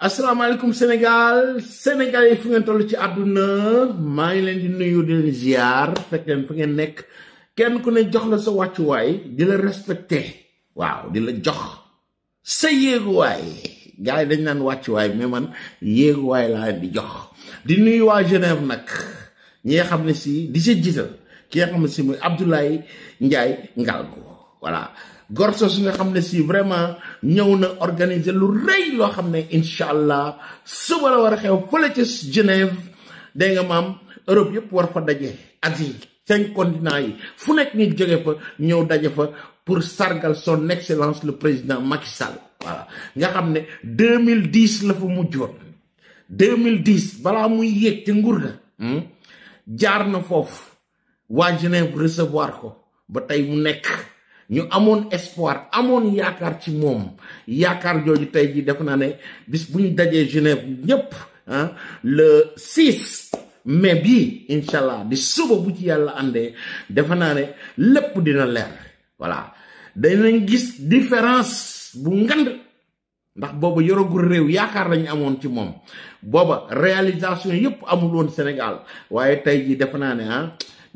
asalaamaaleykum Sénégal Sénégal yi fu ngeen toll ci àdduna maa ngi leen di nuyu di leen ziar fekk leen fa ngeen nekk kenn ku ne jox la sa wàccuwaay di la respecté waaw di la jox sa yéeguwaay gars yi dañ naan wàccuwaay mais man yéeguwaay laa leen di jox di nuyu waa Genève nag ñi nga xam ne si di sa jiital ki nga xam ne si muy Abdoulaye Ndiaye Ngalgou voilà gorso si nga xam ne si vraiment ñëw na organiser lu rëy loo xam ne incha allah suba la war a xew fële ca Genève dégg nga maam Europe yëpp war fa daje Asie cinq continents yi fu nekk nit jóge fa ñëw daje fa pour sargal son excellence le président Macky Sall nga xam ne mille 2010 la fa mujjoon 2010 balaa muy yéeg ca nguur ga hmm, jaar na foofu waa Genève recevoir ko ba tey mu nekk. ñu amoon espoir amoon yaakaar ci moom yaakaar jooju tey ji def naa ne bis bu ñu dajee Genève ñépp ah le 6 mai bii incha allah di suba bu ci yàlla àndee defe naa ne lépp dina leer voilà danañ gis différence bu ngand ndax booba yoragul réew yaakaar lañu amoon ci moom booba réalisation yépp amul woon Sénégal waaye tey ji defe naa ne ah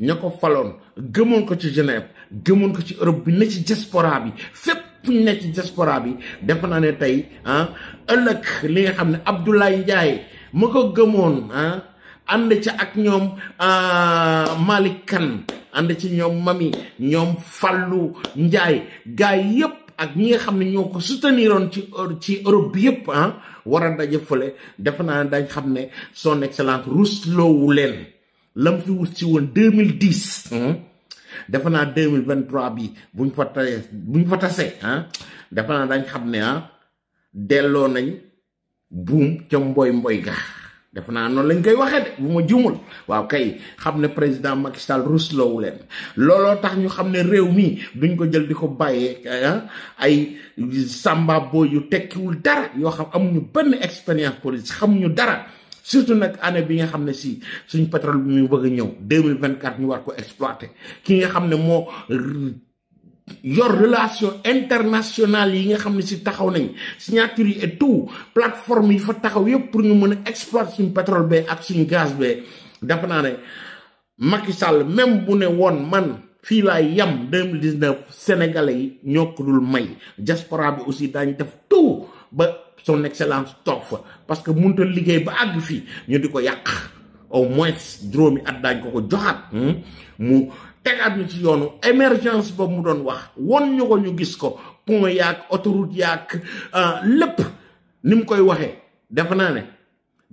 ña ko faloon gëmoon ko ci Genève gëmoon ko ci Europe bi na ci diaspora bi fépp fu ñu ne ci diaspora bi defe naa ne tey ah ëllëg li nga xam ne Abdoulaye Ndiaye moo ko gëmoon ah ca ak ñoom ah, Malick Kane ànd ci ñoom Mami ñoom Fallou njaay gars yi yëpp ak ñi nga xam ne ñoo ko souteniroon ci ci Europe bi yëpp ah war a daje fële defe naa ne dañ xam ne son excellence rusloowu leen. lam fi wut si woon deux mille dix mhm. defe naa deux mille vingt trois bi bu ñu fa tasee bu ñu fa tasee ah defe naa dañ xam ne ah delloo nañ buum ca mboy mboy ga defe naa noonu lañ koy waxee de bu ma jumul waaw kay xam ne président Macky Sall rusloowu leen looloo tax ñu xam ne réew mi duñ ko jël di ko bàyyee ah, ay sàmba booy yu tekkiwul dara yoo xam amuñu benn expérience politique xamuñu dara surtout nag année bi nga xam ne si suñ pétrole bi mu bëgg a ñëw deux mille vingt quatre ñu war ko exploiter ki nga xam ne moo yor relation internationale yi nga xam ne si taxaw nañ signature yi et tout plateforme yi fa taxaw yëpp pour ñu mën a exploiter suñ pétrole bee ak suñ gaz be dafa naa ne Macky Sall même bu ne woon man fii laay yam deux mille dix neuf sénégalais yi ñoo ko dul may diaspora bi aussi daañ def tout ba. son excellence tok pas parce que mënta liguey ba ag fi ñu diko ko au moins dromi at dañ ko ko joxat hmm? mu tegat ñu ci yoonu emergence ba mu doon wax won ñu ko ñu gis ko pont yak autoroute yak euh, lepp nim koy waxe def na ne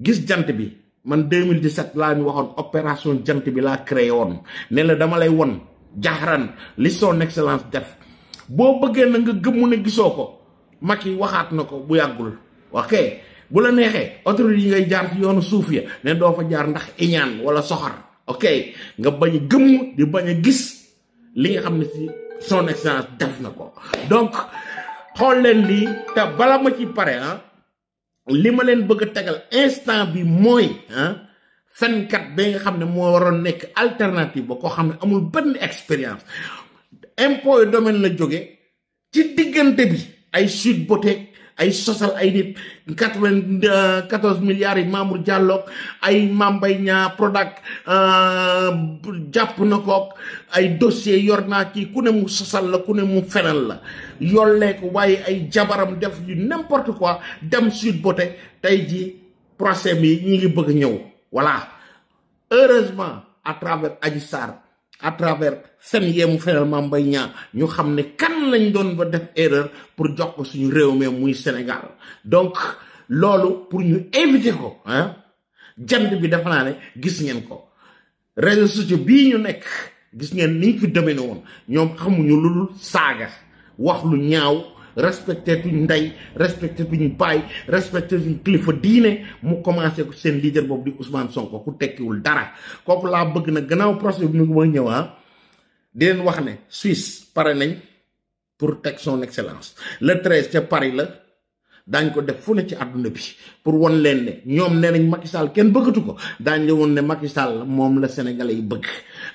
gis jant bi man 2017 la ñu waxon opération jant bi la créé won ne la dama lay won jahran li son excellence def bo bëggee na nga gëm ne gisoko Maki waxat noko ko bu yàggul ok bu la nexe autorité yi ngay jaar ci yoonu suuf ya ne do fa jaar ndax iñan wala soxar ok nga bañ gëm di bañ gis li nga xam ci si son excellence def na donc xol len li ta bala ma ci paré ah li ma leen bëgg tégal instant bi mooy ah, fen kat be nga xamne mo waron nek alternative ko xamne amul ben experience, impôt domaine la joggé ci digënté bi ay Sweet Beauté ay sosal ay nit quatre vingt quatorze milliards yi Mamour Diallo ay Mame Mbaye Niang Prodac euh, jàpp na ko ay dossier yor naa kii ku ne mu sosal la ku ne mu fenal la yollee ko waaye ay jabaram def yu n'importe quoi dem Sweet Beauté tey ji procès bi ñu ngi bëgg ñëw voilà heureusement à travers Adji Sarr à travers fen yeemu fenal Mame Mbaye Niang ñu xam ne kan lañ doon ba def erreur pour jox ko suñu réew mee muy Sénégal donc loolu pour ñu invité ko ah jant bi dafa naa ne gis ngeen ko réseaux sociaux bii ñu nekk gis ngeen niñ fi demee woon ñoom xamuñu lu dul saaga wax lu ñaaw respecté tuñ nday respecté ñu pay respecté tuñ klifa diine mu commencé ko usman leader bobu di Ousmane Sonko ku tekkiwul dara kooku la bëgg na gënaaw procès bi ma ñëw ah, di len wax ne Suisse paré nañ pour tek son excellence le 13 Dan Paris la dañ ko def fu ne ci aduna bi pour won len ne ñom nee nañ Macky Sall kenn bëggatu ko dañ la woon Macky Sall mom la sénégalais yi bëgg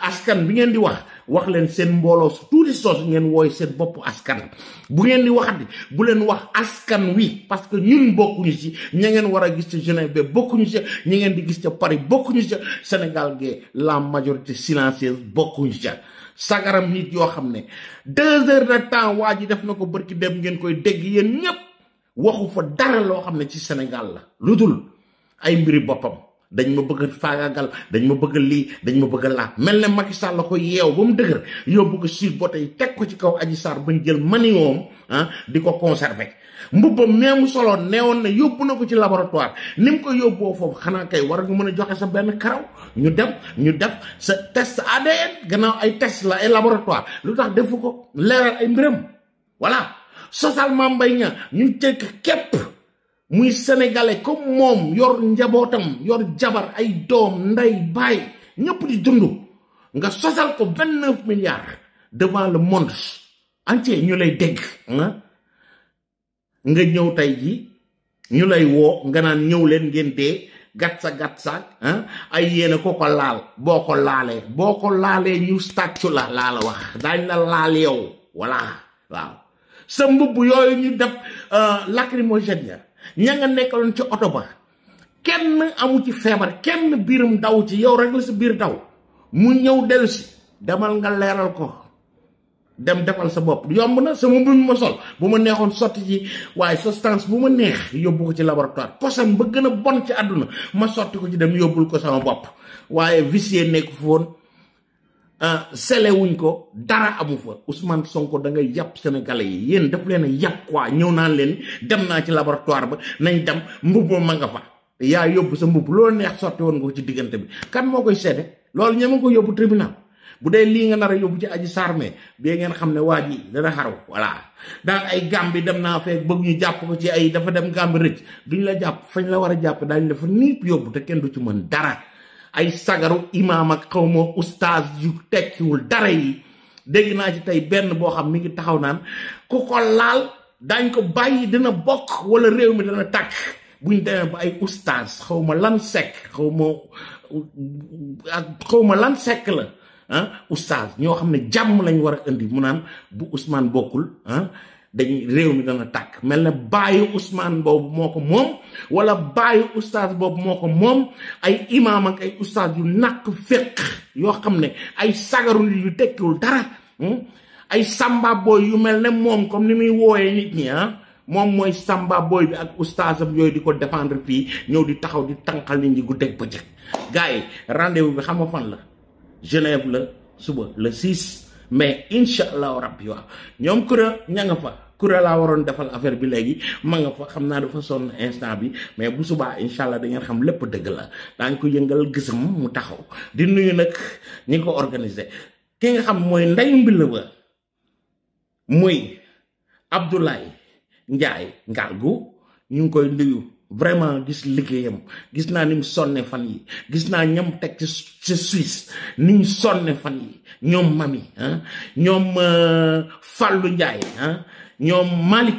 askan bi ngeen di wax wax len sen mbolo su tuuti soos ngeen woy sen bop askan bu ngeen di di bu len wax askan wi parce que ñun ñu ci ña ngeen wara gis ci Genève ñu ci ñi ngeen di gis ci Paris ñu ci Sénégal ge la majorité silencieuse ñu ci sagaram nit yo xamne ne heures de temps waji def nako barki dem ngeen koy dégg yeen ñep waxu fa dara lo xamne ci Sénégal la ludul ay mbiri bopam dañ ma bëgg faagagal dañ ma bëgg li dañ ma bëgg la melne Macky Sall ko yew bu mu deugër yóbbu ko ci bote yi ko ci kaw Adji sar bañ jël maniwoom ah di ko conserver mbubbam meemu solo neewon na yobbu nako ci laboratoire nim ko yobbo fofu xana kay war nga mëna joxe sa benn karaw ñu dem ñu def sa test ADN gannaaw ay test la ay laboratoire lu defuko defu ay mbiram voilà social mbay nga ñu tek kep muy senegale comme moom yor njabootam yor jabar ay doom nday baay ñëpp di dund nga sosal ko vingt neuf milliards devant le monde entier ñu lay dégg nga ñëw tey ji ñu lay woo nga naan ñëw leen ngeen dee gat sa gat sa ay yéene ko ko laal boo ko laalee boo ko laalee ñu statu la laa la wax daañ la laal yow voilà waaw sa mbubb yooyu ñu def euh, lacrymogène ya ña nga nekkaloon ci oto ba kenn amu ci feebar kenn biiram daw ci yow rek la si biir daw mu ñëw dellusi demal nga leeral ko dem defal sa bopp yomb na sama mbubb ma sol bu ma neexoon sotti ci waaye substance bu ma neex yóbbu ko ci laboratoire poson ba gën a bon ci àdduna ma sotti ko ci dem yóbbul ko sama bopp waaye vicier nekk foon Euh, sele wuñ ko dara amu fa Ousmane Sonko da ngay yàpp sénégalais yi yéen daf leen a yàpp quoi ñëw naan leen dem naa ci laboratoire ba nañ dem mbubb ma ma nga fa yaa yóbbu sa mbubb loolu neex sotti woon nga ko ci diggante bi kan moo koy seede loolu ñeme ko yóbbu tribunal bu dee lii nga nar a yóbbu ci aji sarme bee ngeen xam ne waa ji dana xaru voilà daan ay gambi dem naa fee bëgg ñu jàpp ko ci ay dafa dem gambi rëcc duñ la jàpp fañ la war a jàpp daañu la fa yóbbu te kenn du ci mën dara ay sagaru imaam ak xaw ma oustaz yu tekkiwul dara yi dégg naa ci tey benn boo xam mi ngi taxaw naan ku ko laal dañ ko bàyyi dana bokk wala réew mi dana takk buñ demee ba ay oustaz xaw ma lan sekk xaw ma xaw ma lan sekk la ah oustaz ñoo xam ne jàmm lañu war a indi mu naan bu Ousmane bokkul ah dañuy réew mi dana tàkk mel na bàyyi Ousmane boobu moo ko moom wala bàyyi oustaz boobu moo ko moom ay imaam ak ay oustaz yu nàkk féq yoo xam ne ay sagarul yu tekkiwul dara hmm? ay samba yu mel ne moom comme ni muy wooyee nit ñi ah moom mooy samba bi ak oustazam yooyu di ko dependre fii ñëw di taxaw di tànqal nit ñi guddeeg bëccëg gars yi rendez bi xam nga fan la Genève la suba la 6. mais incha allahu rabbi waaw ñoom kura ña nga fa kura laa waroon defal affaire bi léegi ma nga fa xam naa dafa sonn instant bi mais bu subaa incha allah da xam lépp dëgg la daañ ko yëngal gisam mu taxaw di nuyu nag ñi ko organiser ki nga xam mooy ndeyu mbill ba muy Abdoulaye Njaay Ngalgu ñu ngi koy nuyu vraiment gis liggéeyam gis na nim sonné fan yi gis na ñam tek ci Suisse ni sonné fan yi ñom mami ah. ñoom euh, fallu Ndiaye hein ah. ñom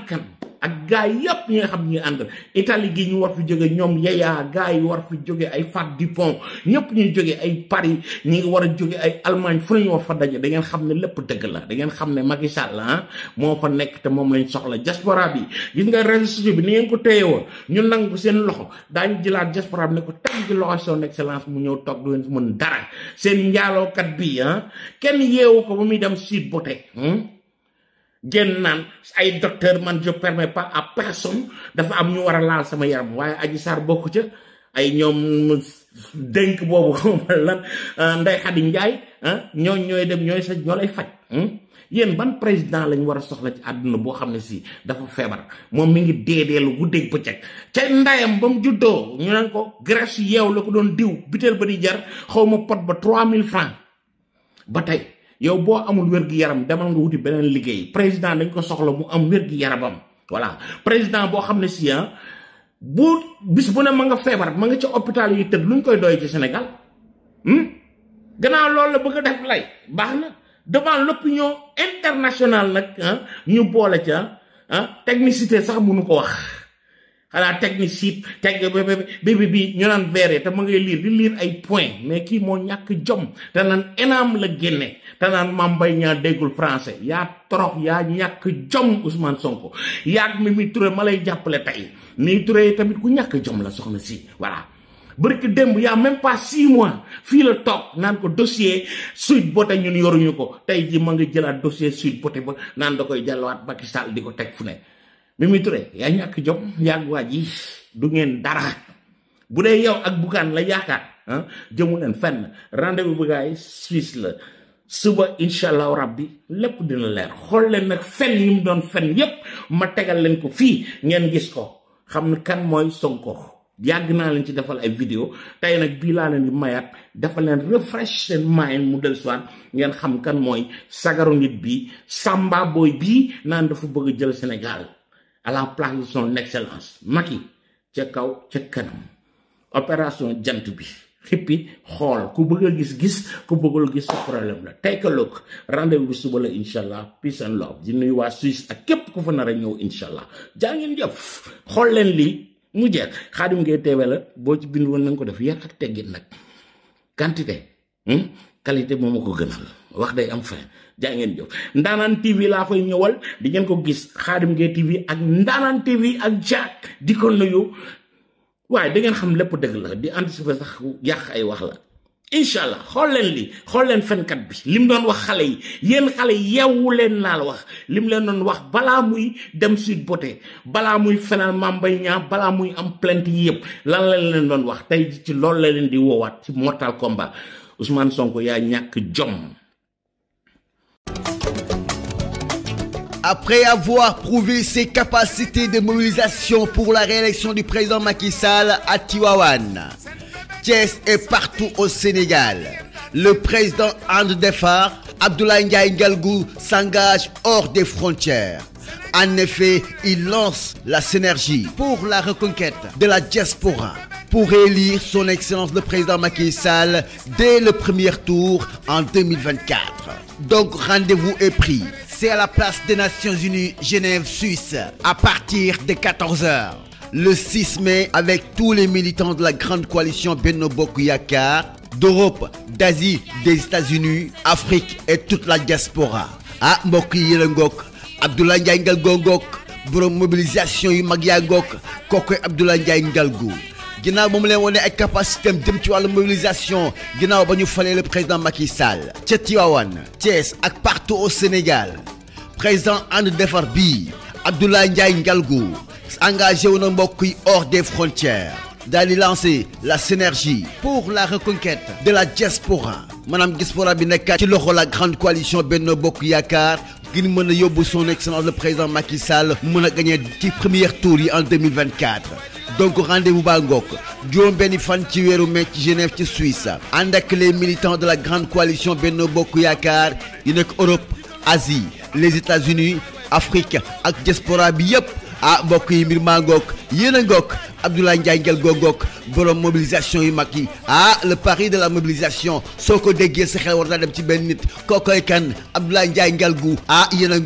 Kane ak gaay yépp ñi nga xam ñi àndal italie gi ñu war fi jóge ñoom yaya gaay war fi jóge ay fat du pont ñépp ñuy jóge ay paris ñi nga war a jóge ay allemagne fu ñu war fa daje da ngeen xam ne lépp dëgg la da ngeen xam ne Macky Sall ah moo fa nekk te moom lañ soxla diaspora bi gis nga réseau bi ni ngeen ko téye woon ñu ko seen loxo daañu jëlaat diaspora bi ne ko teg ci loxo son excellence mu ñëw toog du ngeen mën dara seen njaalookat bi ah kenn yeewu ko ba muy dem boté hmm? gen nan ay docteur man je permet pas à personne dafa am ñu wara laal sama yaram waye aji sar bokku ci ay ñom denk bobu lan eh, nday xadi njaay ñoo eh, ñoy dem ñoy sa ñoo fajj faj hmm? ban president lañ wara soxla ci aduna bo xamne si dafa febar mom mi ngi deedeelu ko ci ci ndayam bam juddo ñu nan ko grâce yew la ko doon diw bitel ba di jar xawma pot ba 3000 francs batay yow bo amul wér gu yaram demal nga wuti benen liggéey président dañ ko soxla mu am wér gu voilà président bo xamné si si ah, bu bis bu ne ma nga feebar ma nga ci hôpital yi tëdd luñ koy doy ci Sénégal hmm? gannaaw loolu bëgg def lay baxna devant l'opinion internationale nag ah, ñu ci ca ah, technicité sax mënu ko wax à la technicité teg bébé bi ñu naan verre te ma ngay liir di liir ay point mais kii moo ñàkk jom te naan énaam la génne te naan Mame Mbaye Niang déggul français yaa torox yaa ñàkk jom Ousmane Sonko yaag Mimi Touré ma lay jàppale tey nii yi tamit ku ñàkk jom la soxna sii voilà bërki démb yaa même pas six mois fii la toog naan ko dossier Sweet Beauté ñun yoruñu ko tey jii ma nga jëlaat dossier Sweet Beauté ba naan da koy jàllawaat Macky Sall di ko teg fu ne Mimi ya nyak ñàkk jom ya waa ji du ngeen dara yo dee yow ak bugaan la yaakaar jëmu leen fenn rendez-vous bu gaay Suisse la suba incha rabbi lépp dina leer xool leen nag fen yim mu doon fen yep ma tegal len ko fi ngeen gis ko kan moy Sonko yàgg naa leen ci defal ay vidéo tey nag bii laa leen di refresh sen mind mu del soit ngeen xam kan moy sagaru nit bi sàmba booy bii naan dafa bëgg jël senegal à la place de son excellence Maki, ca kaw ca kanam opération jant bi hall xool gis-gis ku bëggul gis sa problème la take a look rendez-vous bi suba la peace and love di nuyu waa Suisse ak ku fa a ñëw insha allah jaa ngeen jëf xool leen li, mu jeex xaadim ngay teewee la boo ci bind woon na ko def yar ak teggin nak. quantité hmm? qualité gënal wax am fin Jangan ngeen jëf tv la fay ñewal di ngeen ko gis khadim ge tv ak ndanan tv ak jack di ko nuyu way da ngeen xam lepp deug la di sax yaax ay wax la inshallah allah leen li xool leen kat bi lim doon wax xalé yi yeen xalé yewu leen laal wax lim leen doon wax bala muy dem suite beauté bala muy fenal mambay nya bala muy am plainte yi lan la leen doon wax tay ci loolu la leen di wowat ci mortal combat Ousmane Sonko ya ñak jom Après avoir prouvé ses capacités de mobilisation pour la réélection du président Macky Sall à Tiwawan, Thiès est partout au Sénégal, le président André Defar, Abdoulaye Ndiaye s'engage hors des frontières. En effet, il lance la synergie pour la reconquête de la diaspora pour élire son excellence le président Macky Sall dès le premier tour en 2024. Donc rendez-vous est pris à la place des Nations Unies Genève Suisse à partir de 14h. Le 6 mai, avec tous les militants de la grande coalition Benno Bokuyakar, d'Europe, d'Asie, des États-Unis, Afrique et toute la diaspora. À ah, mbokk yi Abdoulaye mobilisation ginnaaw ba mu leen ay capacité am jëm mobilisation ginnaaw ba ñu le président Macky Sall ca Tivaouane Thiès ak partout au Sénégal président André defar Abdoulaye Ndiaye Ngalgou engagé wu na mbokk yi hors des frontières daal lancer la synergie pour la reconquête de la diaspora Madame diaspora bi nekkaat ci loxo la grande coalition Benno Bokk Yaakaar ngir mën a son excellence le président Macky Sall mën a gagné ci première tour en 2024 donc rendez-vous à John John benn fan ci Genève ci Suisse avec les militants de la grande coalition Benno Yakar, Yakar, Europe Asie les États-Unis Afrique ak diaspora bi ah mbokk yi mbir maa ngook yéen a Abdoulaye Ndiaye Ngel googook borom mobilisation yu mag ah le pari de la mobilisation Soko ko déggee sa xel war naa dem ci benn nit kan Abdoulaye Ndiaye gu ah yéen a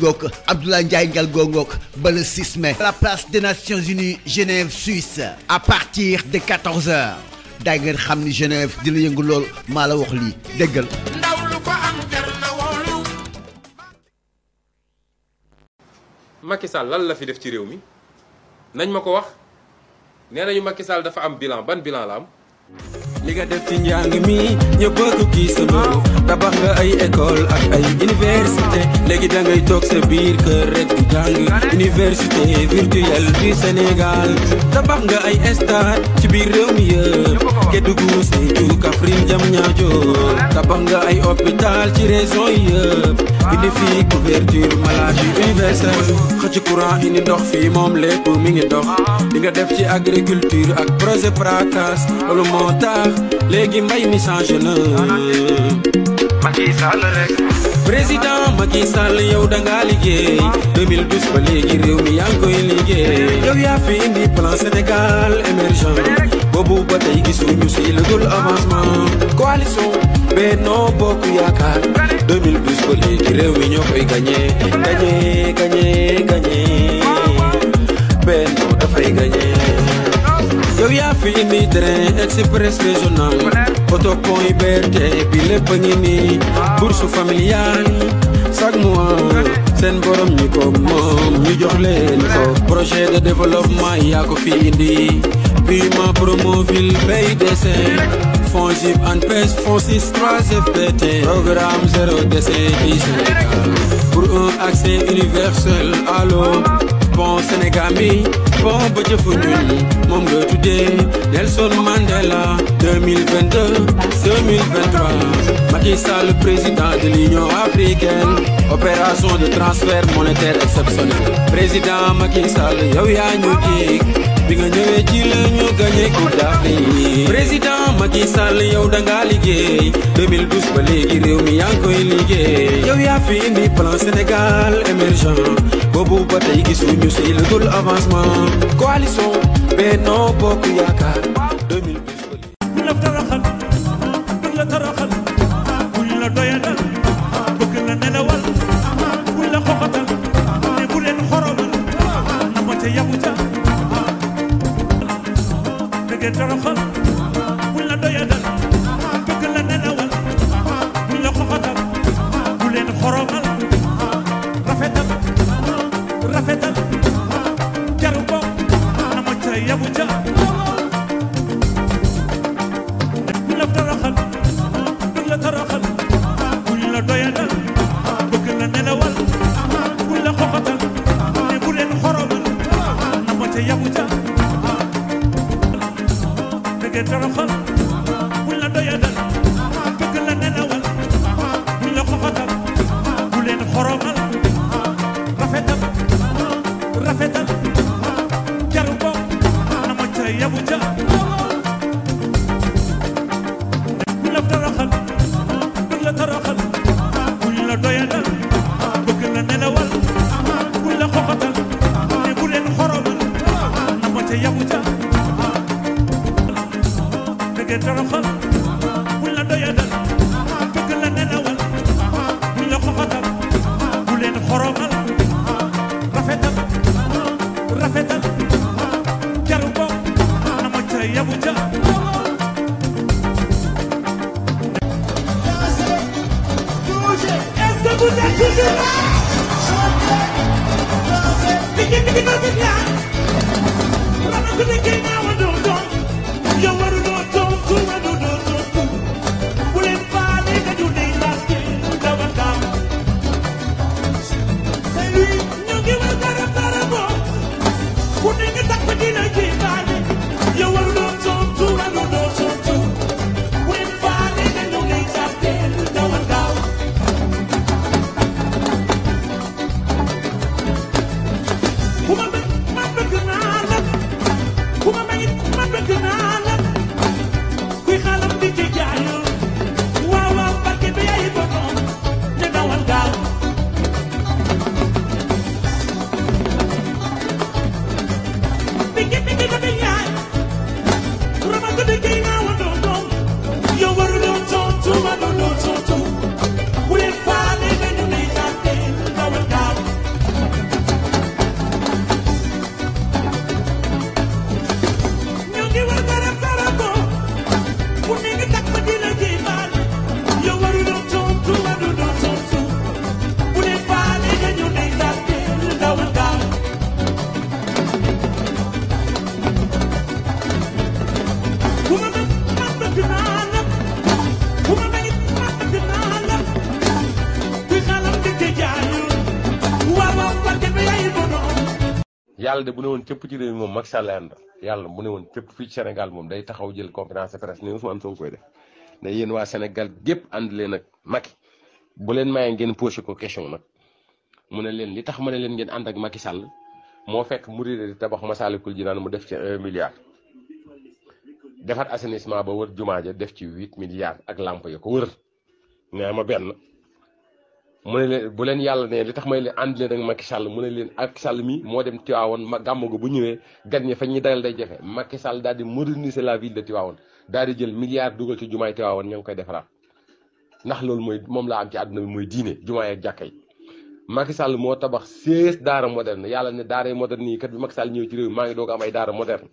Abdoulaye Ndiaye Ngel googook ba le 6 mai la place des Nations Unies Genève Suisse à partir de 14 heures daa ngeen xam Genève dina yëngu lool maa la wax lii déggal ndaw lu am Macky Sall lan la fi def ci réew mi nañ ma ko wax nee nañu Macky Sall dafa am bilan ban bilan la am. li nga def ci njàng mi ñëpp a ko gis sa tabax nga ay école ak ay université léegi da ngay toog sa biir kër rek di jàng université virtuelle du Sénégal tabax nga ay stade ci biir réew mi yëpp Kédougou Sédhiou Kaffrine Diamniadio tabax nga ay hôpital ci région yi yëpp indi fii couverture maladie universelle xëcc courant indi ndox fii moom lépp mi ngi dox li nga def ci agriculture ak projet PRACAS loolu moo tax léegi mbay mi changé président Macky Sall yow da ngaa liggéey. ba léegi réew mi yaa liggéey. yow yaa fi indi plan Sénégal émergent. boobu ba tey gisuñu si lu dul avancement. coalition Benno Bokk Yaakaar. ba léegi réew mi ñoo koy gagné. gagné gagné gagné. Benno dafay gagné. Eu ia fi mi dren, express regional Autopon e berte, bile pangini Bursu familial, sag moi Sen borom ñi ko moom, ñu jox leen ko Projet de développement yaa ko fi indi Pima promoville PIDC Fonds JIP ANPEJ, Fonds 6, 3FPT Programme zéro décès du Pour un accès universel à l'eau bon Sénégal bon petit ñun mon nga Nelson Mandela 2022 2023 Macky Sall président de l'Union africaine opération de transfert monétaire exceptionnel président Macky Sall yow bi nga ñëwee ci président Macky Sall yow da ngaa liggéey 2012 ba léegi réew mi yaa ngi koy plan Sénégal émergent Bobo ba tey gisuñu si lu avancement coalition Beno Bokk Yaakaar Thank you. yàlla de bu ne woon ci réew mom moom Macky Sall lay àndal yàlla mu ne woon képp Sénégal moom day taxaw jël conférence de presse ni Ousmane Sonko koy def ne yeen wa Sénégal gépp and leen ak Macky bu len maye ngeen poser ko question nak mu ne leen li tax ma len ngeen and ak Macky Sall mo fekk mouride di tabax Masaalikul jinan mu def ci 1 milliard defat assainissement ba wër jumaa def ci 8 milliards ak lampe ya ko wër nee ma benn mu ne leen bu leen yàlla ne li tax may leen ànd leen ak Macky Sall mu ne leen Macky Sall mi moo dem Tivaouane ma gàmmu ga bu ñëwee gan ñi fa ñi dalal day jafe Macky Sall daal di moderniser la ville de Tivaouane daal di jël milliard dugal ci jumaay Tivaouane ña ngi koy defaraat ndax lool mooy moom laa am ci àdduna bi mooy diine jumaay ak jàkka yi Macky Sall moo tabax seize daara moderne yàlla ne daara moderne yi kat bi Macky Sall ñëw ci réew maa ngi doo am ay daara moderne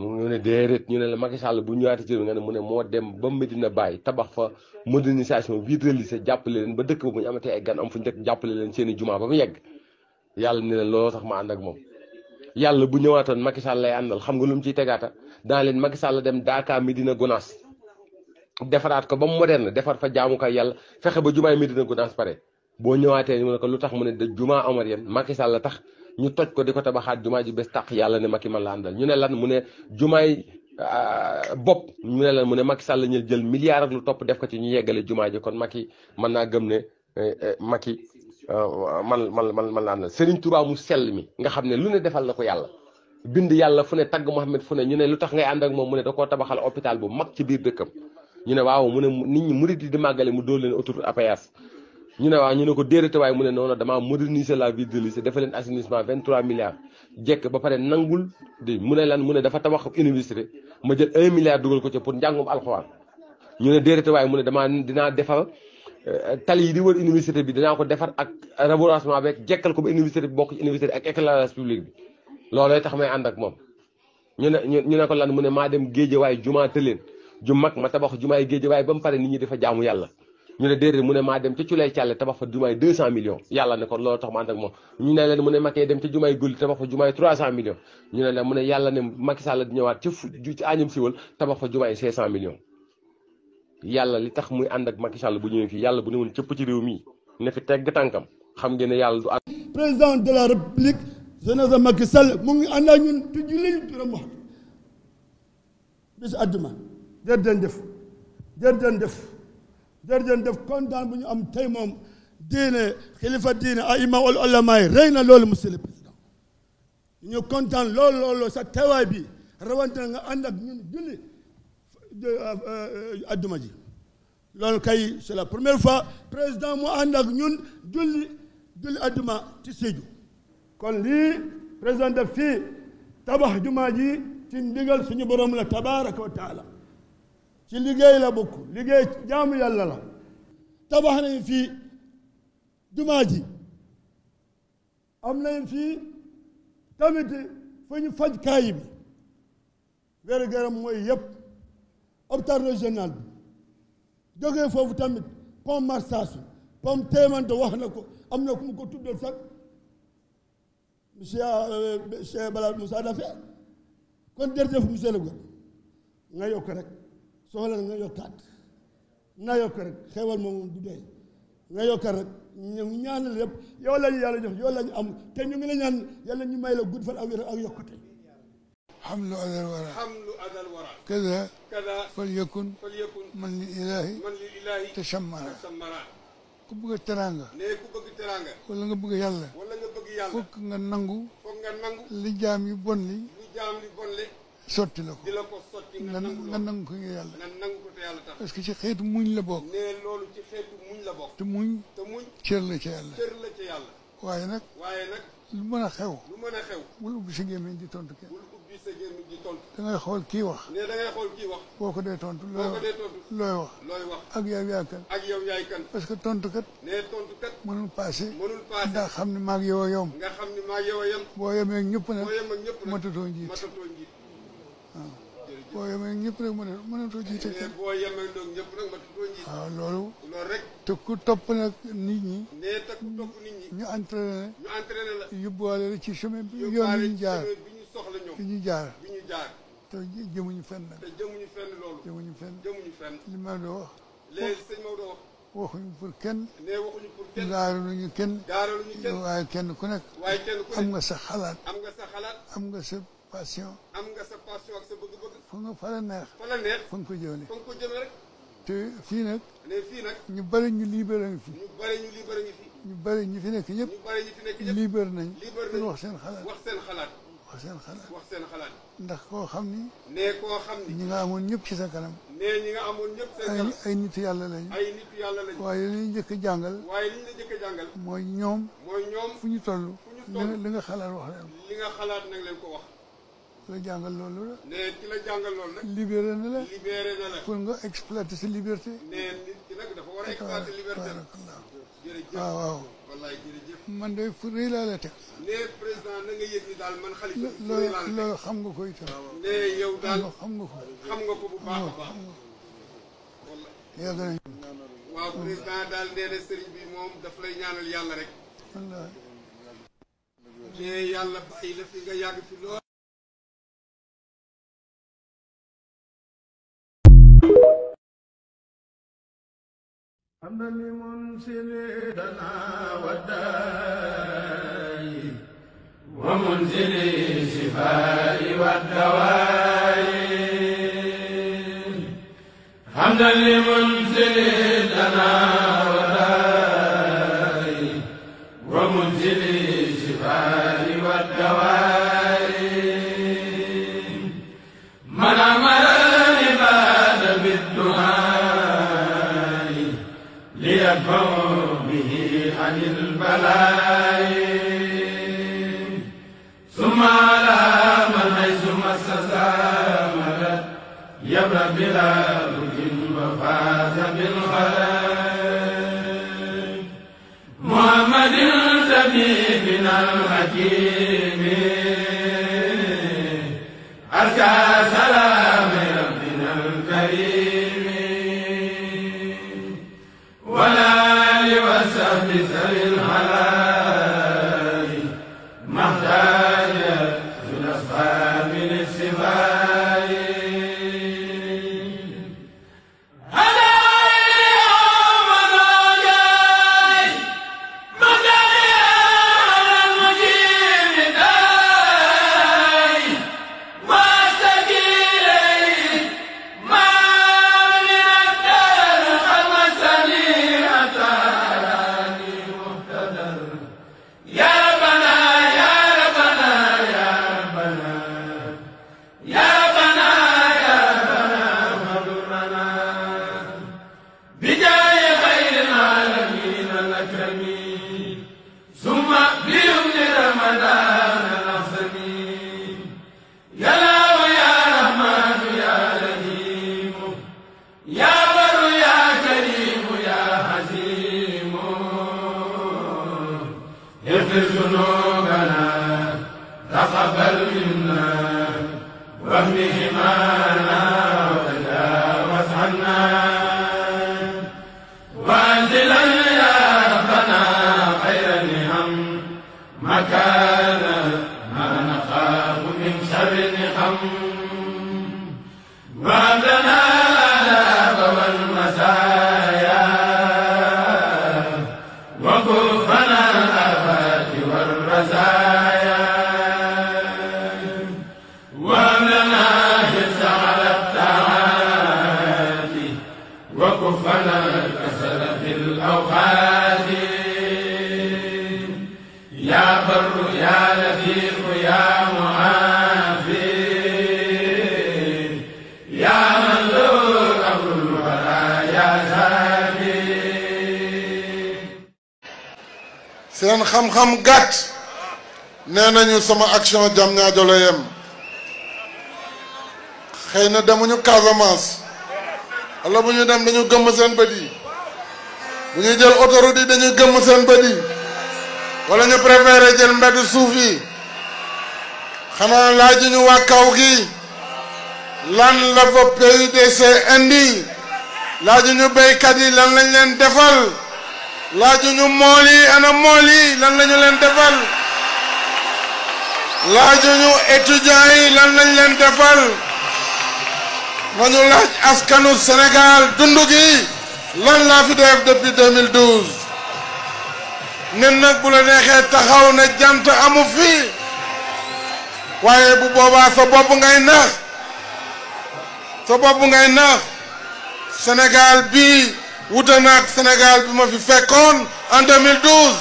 mu ne déedéet ñu ne la Macky Sall bu ñëwaatee ci ne mu ne moo dem ba Medina Baye tabax fa modernisation vitralisé jàppale leen ba dëkk ba bu ñu amatee ay jàppale leen seen i jumaa ba mu yegg yàlla ne leen tax ma ànd ak moom. yàlla bu ñëwaatoon Macky Sall lay xam nga lu mu ciy tegaata daa leen Macky Sall dem Dakar Medina Gonaas defaraat ko ba mu moderne defar fa jaamukaay yàlla fexe ba jumaay Medina Gonaas pare boo ñëwaatee mu ne ko lu tax mu ne de jumaa Omar yéen Macky Sall tax. ñu toj ko di ko tabaxaat jumaa ji bés tàq yàlla ne Macky man la àndal ñu ne lan mu ne jumaay euh, bopp mu ne lan mu ne Macky Sall ñu jël milliard lu topp def ko ci ñu yeggale jumaa ji kon Macky mën naa gëm ne euh, euh, Macky man man man man la àndal Serigne Touba mu sell mi nga xam ne lu ne defal na ko yàlla bind yàlla fu ne tagg Mouhamed fu ne ñu ne lu tax ngay ànd ak moom mu ne da koo tabaxal hôpital bu mag ci biir dëkkam ñu ne waaw mu ne nit ñi murid yi di màggale mu dóor leen autour APS ñu ne waaw ñu ne ko déedéet waaye mu ne noonu damaa moderniser la ville de lycée dafa leen assainissement 23 milliards jekk ba pare nangul di mu ne lan mu ne dafa tabax université ma jël un milliard dugal ko ca pour njàngum alxuraan ñu ne déedéet waaye mu ne damaa dinaa defar euh, tali di wër université bi dinaa ko defar ak rabouragement beeg jekkal ko ba université bi bokk ci université ak éclairage public bi loolooy tax may ànd ak moom ñu ne ñu ne ko lan mu ne maa dem géejawaay jumaa tëleen ju mag ma tabax jumaay géejawaay ba mu pare nit ñi dafa jaamu yàlla ñu ne déedéet mu ne ma dem ci ciulay càlle tabax fa jumaay 200 millions yàlla ne kon lo tax ma ànd ak moom ñu ne la mu ne Macky dem ci jumaay gulli tabax fa jumaay 300 millions ñu ne la mu ne yàlla ne Macky Sall di ñëwaat ca ci añum siwol tabax fa jumaay 500 millions yàlla li tax muy ànd ak Macky Sall bu ñëwee fi yàlla bu ne woon cëpp ci réew mi ne fi tegg tànkam xam ngeen yàlla du président de la république jeunesse Macky Sall mu ngi ànd ak ñun tujju liñ turam wax bis aduma den def àdduma den def jërëjëf def kontaan bu ñu am tey moom diine xilifa diine ay imam al ulama yi rëy na loolu monsieur le président ñu kontaan loolu loolu sa teewaay bi rawante na ànd ak ñun julli adduma euh, euh, ji loolu kay c'est la première fois président mu ànd ak ñun julli julli adduma ci Sédhiou kon li président def fii tabax jumaa ji ci ndigal suñu borom la tabaraka wa taala ci liggéey la bokk liggéey jaamu yàlla la tabax nañ fii jumaa ji am nañ fii tamit fu ñu faj kaay bi wer geram yaram mooy yëpp hôpital régional bi jógee foofu tamit pont Marsassu comme téemante wax na ko am na ku mu ko tuddal sax monsieur Bala Moussa dafe kon jërëjëf monsieur le nga yokk rek soxla nga yokkaat na yokk rek xewal moom du doy nga yokkal rek ñu ñaanal yëpp yow la yàlla jox yow la am te ñu ngi la ñaan yàlla ñu may la gudd fan ak wér ak yokkute حمل أذى الورى حمل أذى الورى كذا كذا ku bëgg a teraanga ne ku bëgg nga bëgg yàlla wala nga bëgg yàlla fokk nga nangu fokk nga bon li sotti la ko. di la ko sotti nga nangu nga nangu ko ngir yàlla. nga nangu ko te yàlla tax. parce que ci xeetu muñ la bokk. nee loolu ci xeetu muñ la bokk. te muñ. te muñ cër la ci yàlla. cër la ci yàlla. waaye nag. waaye nag. lu mën a xew. lu mën a xew. bul ubbi sa gémmiñ di tontu kenn. bul ubbi sa gémmiñ di tontu. da ngay xool kii wax. nee da ngay xool kii wax. boo ko dee tontu. looy wax looy wax. looy wax ak yow yaay kan. ak yow yaay kan. parce que tontu kat. nee tontu kat. mënul paase. mënul paase ndax xam ne maa ngi yow a yom. nga xam ne maa ngi yow a yom. boo yemee ak ñëpp nag. boo yemee ak ñëpp nag matatoo njiit. matatoo njiit. boo yemee ñëpp rek mën a mënatoo jiite nag ñëpp nag mënatoo ah, loolu. te ku topp nag nit ñi. nee te ñu entraîné. ñu entraîné ci chemin bi. yoon ñu jaar yóbbuwaale bi ñu soxla ñoom. ñu jaar bi ñu jaar. te nag. te jëmuñu fenn loolu. jëmuñu fenn jëmuñu li ma doon wax. léegi sëñ waxuñu pour kenn. nee waxuñu pour kenn. waaye kenn ku nekk. am nga sa xalaat. am nga sa xalaat. am nga sa. passion. am nga sa passion ak sa bëgg-bëgg. fa nga fa la neex. fa la neex fa nga ko jëmee. fa nga ko jëmee rek. te fii nag. ne fii nag. ñu bëri ñu libéré ngi fi. ñu bëri ñu libéré ngi fi. ñu bëri ñu fi nekk ñëpp. ñu bëri ñu fi nekk ñëpp libéré nañu. libéré nañu wax seen xalaat wax seen xalaat. wax seen xalaat wax seen xalaat. ndax koo xam ni. ne koo xam ni. ñi nga amoon ñëpp ci sa kanam. ne ñi nga amoon ñëpp seen kanam. ay ay nit yàlla lañu. ay nit yàlla lañu. waaye li ñu njëkk a jàngal. waaye li ñu la njëkk a jàngal. mooy ñoom. mooy ñoom fu ñu toll. fu ñu toll li nga xalaat wax leen. li nga xalaat nag leen ko wax. la jàngal loolu la. nee ki la jàngal loolu nag. libéré na la libéré na la. pour nga exploiter sa liberté. nee nit ki nag dafa war a exploiter liberté la. jërëjëf waaw waaw. wallaay jërëjëf. man de fu rëy laa la teg. nee président na nga yëg ni daal man xalifa. fu rëy laa la teg loolu xam nga ko itam. nee yow daal xam nga ko. xam nga ko bu baax a baax. yàlla nañu. waaw président daal nee na sëriñ bi moom daf lay ñaanal yàlla rek. wallaay. nee yàlla bàyyi la fi nga yàgg fi lool. حمدا لمنسل لنا والداء ومنزل الشفاء والدواء حمدا لمنزل الهلال جنب فاز بالخلائق محمد طبيبنا الحكيم أركاس xam gatt nenañu sama action jam ñaajo la yem xëy na demuñu Casamance wala bu ñu dem dañu gëm seen bët yi bu ñu jël autoroute dañu gëm seen bët wala ñu préféré jël mbedd soufi xana laaj ñu wa kaw gi lan la fa PUDC indi laajuñu béykat yi lan lañ leen defal laajuñu mool yi ana mool yi lan lañu leen defal laajuñu étudiants lan lañ leen defal nañu laaj askanu Sénégal dund gi lan laa fi def depuis 2012 nen nag bu la neexee taxaw ne jant amu fi waaye bu boobaa sa bopp ngay nax sa bopp ngay nax Sénégal bii que le Sénégal puis ma fait en 2012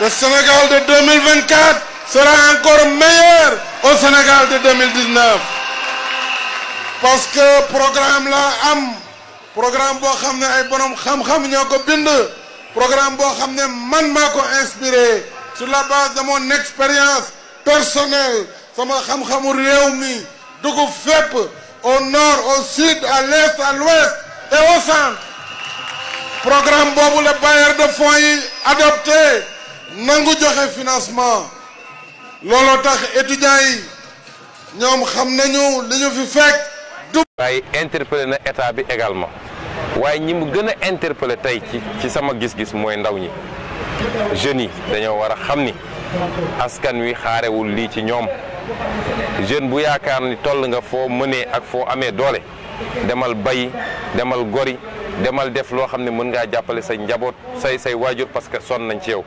le Sénégal de 2024 sera encore meilleur au Sénégal de 2019 parce que programme la programme programme qui nous inspiré sur la base de mon expérience personnelle sama xam au nord au sud à l'est à l'ouest et aux programme boobu la bailleur de fonds yi adopté nangu joxe financement looloo tax étudiants yi ñoom xam nañu li ñu fi fekk du waaye interpellé na état bi également waaye ñi mu gën a interpellé tey ci ci sama gis-gis mooy ndaw ñi jeunes yi dañoo war a xam ni askan wi xaarewul lii ci ñoom jeune bu yaakaar ni toll nga foo mënee ak foo amee doole demal bay demal gori demal def lo xamne mën nga jappalé say njabot say say wajur parce que son nañ ci yow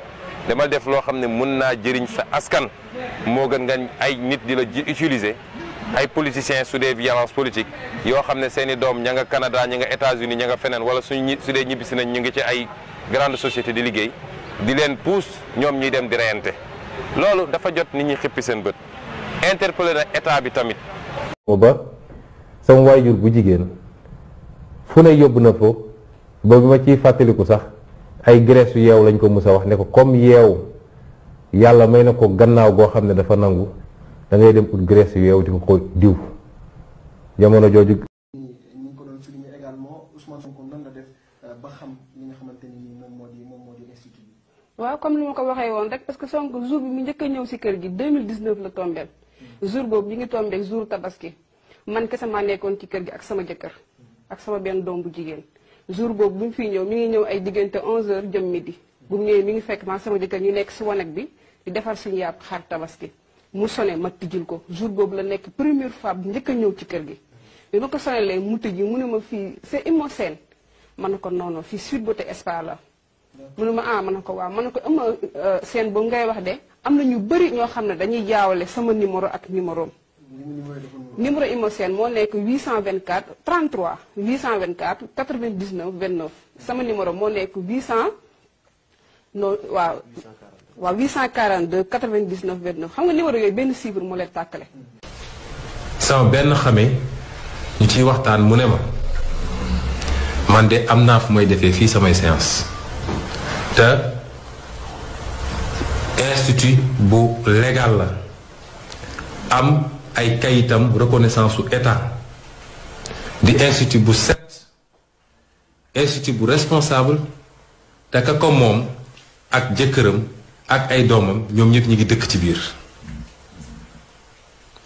demal def lo xamne mën na jëriñ sa askan mo gën nga ay nit dila utiliser ay politiciens sous des violence politiques yo xamne ne seen i doom ña Canada ñanga États-Unis ñanga fenen wala suñu nit su dee ñibisi nañ ñu ngi ci ay grande société di liggéey di len pousse ñom ñuy dem di lolu dafa jot nit ñi xippi seen bëtt interpeller na état bi tamit. sama jur bu jigéen fu ne yóbbu na fa ba bi ma ciy fàttaliku sax ay graisse yeew lañ ko mus a wax ne ko comme yeew yàlla may ne ko gannaaw goo xam ne dafa nangu dangay ngay dem ut graisse yeew di ko diw jamono jooju. Euh, waaw comme ni ma ko waxee woon rek parce que Sonko jour bi mu njëkk ñëw si kër gi 2019 la tombeel hmm. jour boobu ñu ngi tombeek jour tabaski. man kese maa nekkoon ci kër gi ak sama jëkkër ak sama benn doom bu jigéen jour boobu bu mu fiy ñëw mi ngi ñëw ay diggante 11h jëm midi bu mu ñëwee mi ngi fekk maa sama jëkkër ñu nekk si wanag bi di defar suñu yàpp xar tabaski mu sone ma tijjil ko jour boobu la nekk première fois bu njëkk a ñëw ci kër gi bi ma ko sonelee mu tijji mu ne ma fii c'est Imosène ma ne ko noonu fii Sweet Beauté Spa la mu ne ma ah ma ne ko waa ma ne ko Imosène euh, boobu ngay wax de am na ñu bëri ñoo xam ne dañuy jaawale sama numéro ak numéro numéro Imosène moo nekk 824 33 824 99 29 sama numéro moo nekk 800 non waaw. waaw 842 99 29 xam nga numéro yooyu benn chiffre moo leen tàkkale. sama benn xamee ñu ciy waxtaan mu ne ma man de am naa fu may defee fii samay séance te institut bu légal la am. ay kayitam reconnaissance su état di institut bu set institut bu responsable te ka ko moom ak jëkkëram ak ay doomam ñoom ñëpp ñu ngi dëkk ci biir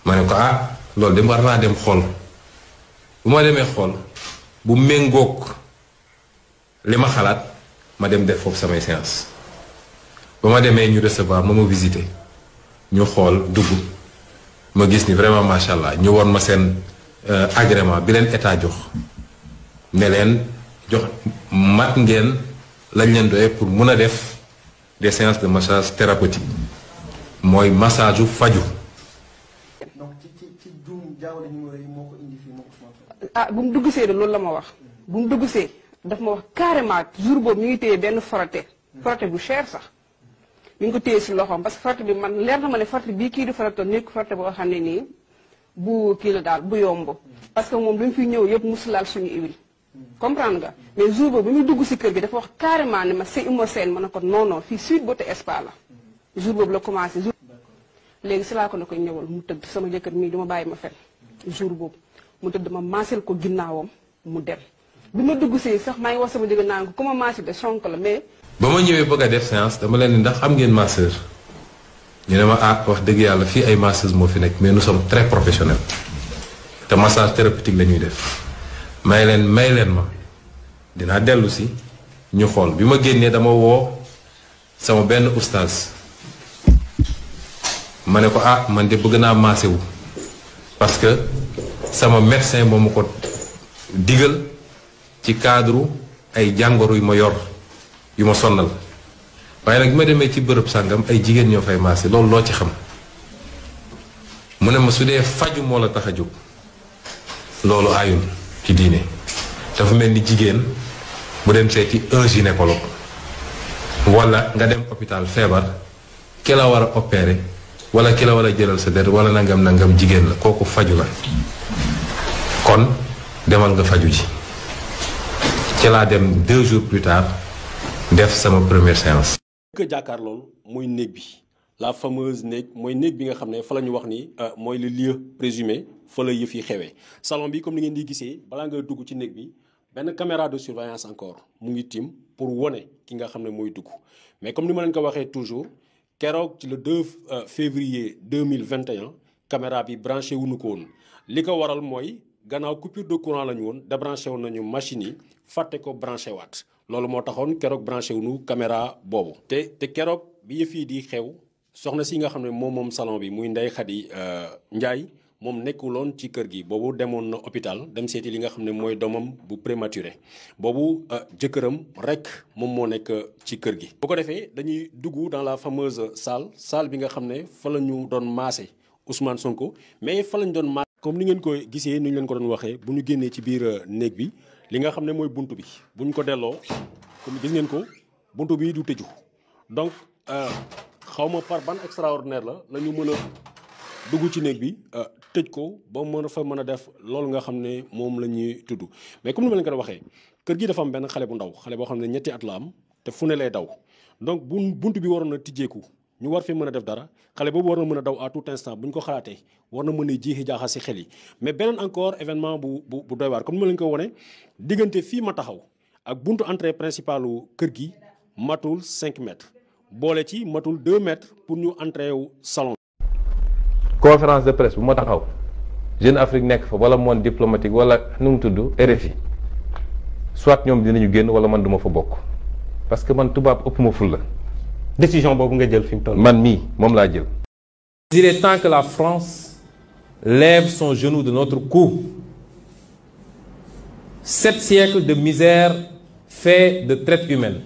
ma ne ko ah loolu de war naa dem xool bu ma demee xool bu méngoog li ma xalaat ma dem def foofu samay séance ba ma demee ñu recevoir ma ma visité ñu xool dugg ma gis ni vraiment macha allah ñu woon ma seen euh, agrément bi leen état jox ne leen jox mat ngeen lañ leen doyee pour mun a def des séances de massage thérapeutique mooy massage faju donc ci ci ci juum jaaw lañu war ah bu mu dugg see de loolu la ma wax bu mu dugg see daf ma wax carrément jour boobu mi ngi téye benn frotté frotté bu cher sax mi ngi ko téye si loxoom parce que farte bi man leer na ma ne farte bii kii di farata nekk farte boo xam ne nii bu kii la daal bu yomb. parce que moom lu mu fi ñëw yëpp musulaal suñu huile. comprendre nga mais jour bi mu dugg si kër gi dafa wax carrément ne ma c'est immocène ma ne ko non non fii suite beauté spa la. jour boobu la commencé jour. léegi si laa ko ne koy ñëwal mu tëdd sama jëkkër mii duma bàyyi ma fen jour boobu mu tëdd ma maasel ko ginnaawam mu dem. bi ma dugg see sax maa ngi wax sama jëkkër n ko ku ma maasee de la mais. bama ñëwé bëgga def séance dama leen ndax xam ngeen masseur ñu néma ah wax dëgg yalla fi ay masseuse mo fi nek mais nous sommes très professionnels té massage thérapeutique lañuy def may leen may leen ma dina déllu ci ñu xol bima génné dama wo sama benn oustaz mané ko ah man dé bëgg na massé wu parce que sama médecin moo digel, ko digal ci cadre ay jangoru ma yor yu ma sonal waaye nag bi ma demee ci bërëb sangam ay jigen ñoo fay massé lool lo ci xam mune ma sudé faju mo la taxaju loolu ayun ci diiné dafa melni jigen bu dem séti un gynécologue wala nga dem hôpital feebar ki la wara opérer wala ki la wara jëlal sa der wala nangam nangam jigen la koku faju la kon demal nga faju ci ci la dem deux jours plus tard def sama première séance. que jàkkaar loolu mooy néeg bi la fameuse néeg moy néeg bi nga xamné fa lañu wax ni euh, moy le lieu présumé fa la yëf yi xewee salon bi comme ni ngeen di gisee bala nga dugg ci néeg bi ben caméra de surveillance encore mu ngi pour woné ki nga xamné moy dugg mais comme ni ma leen ko waxé toujours kérok ci le 2 euh, février 2021 caméra bi branché wuñu ko woon li waral moy gannaaw coupure de courant lañu won woon débranché nañu machine yi. fàtte ko branché waat loolu moo taxoon keroog branché wu nu caméra boobu. te te keroog bi yëf di xew soxna si nga xam ne moom moom salon bi muy Ndeye Khady euh, Ndiaye moom nekkuloon ci kër gi boobu demoon na hôpital dem seeti li nga xam ne mooy doomam bu prématuré boobu euh, jëkkëram rek moom moo nekk ci kër gi. bu ko defee dañuy dugg dans la fameuse salle salle bi nga xam ne fa la ñu doon maase Ousmane Sonko mais fa lañ doon maase. comme ni ngeen ko gisee ni ñu leen ko doon waxee bu ñu génnee ci biir euh, néeg bi. li nga xamne moy buntu bi buñ ko delo comme gis ngeen ko buntu bi du teju donc euh xawma par ban extraordinaire la lañu mëna mën dugg ci neeg bi euh, tej ko ba mëna fa mëna def lool nga xamne mom lañuy tuddu mais comme ni ma ko kër gi dafa am ben xalé bu ndaw xalé bo xamne ñetti at la te fu ne lay daw donc buntu bi warona ñu war fi mëna def dara xalé bobu war na mëna daw à tout instant buñ ko xalaté war na mëna jihi jiixi jaaxa xel yi mais benen encore événement bu bu doy war comme ni ma leen ko woné digënté fi ma taxaw ak buntu entrée principalu kër gi matul 5 mètres bolé ci matul 2 mètres pour ñu entrée wu salon conférence de presse bu ma taxaw Jeune Afrique nek fa wala monde diplomatique wala nu tuddu RFI soit ñom dinañu genn wala man duma fa bok parce que man tubab ëpp ful la il est temps que la France lève son genou de notre cou. Sept siècles de misère fait de traite humaine,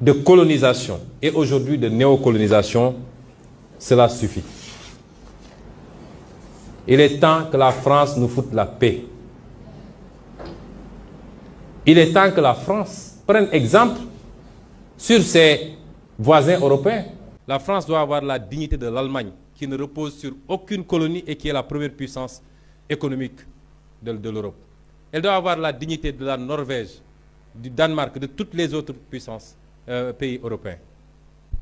de colonisation et aujourd'hui de néocolonisation, cela suffit. Il est temps que la France nous foute la paix. Il est temps que la France prenne exemple sur ses Voisin européen, La France doit avoir la dignité de l'Allemagne, qui ne repose sur aucune colonie et qui est la première puissance économique de, l'Europe. Elle doit avoir la dignité de la Norvège, du Danemark, de toutes les autres puissances, euh, pays européens.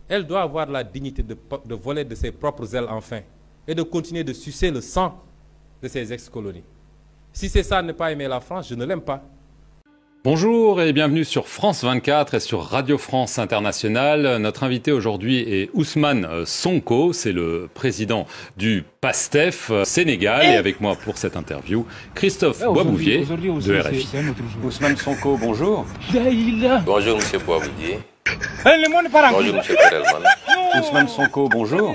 Elle doit avoir la dignité de, de voler de ses propres ailes enfin et de continuer de sucer le sang de ses ex-colonies. Si c'est ça, ne pas aimer la France, je ne l'aime pas. Bonjour et bienvenue sur France 24 et sur Radio France Internationale. Notre invité aujourd'hui est Ousmane euh, Sonko, c'est le président du PASTEF euh, Sénégal et avec moi pour cette interview Christophe ah, Boisbouvier de RFI. Ousmane Sonko, bonjour. Bonjour monsieur Boisbouvier. Eh, bonjour monsieur Ousmane Sonko, bonjour.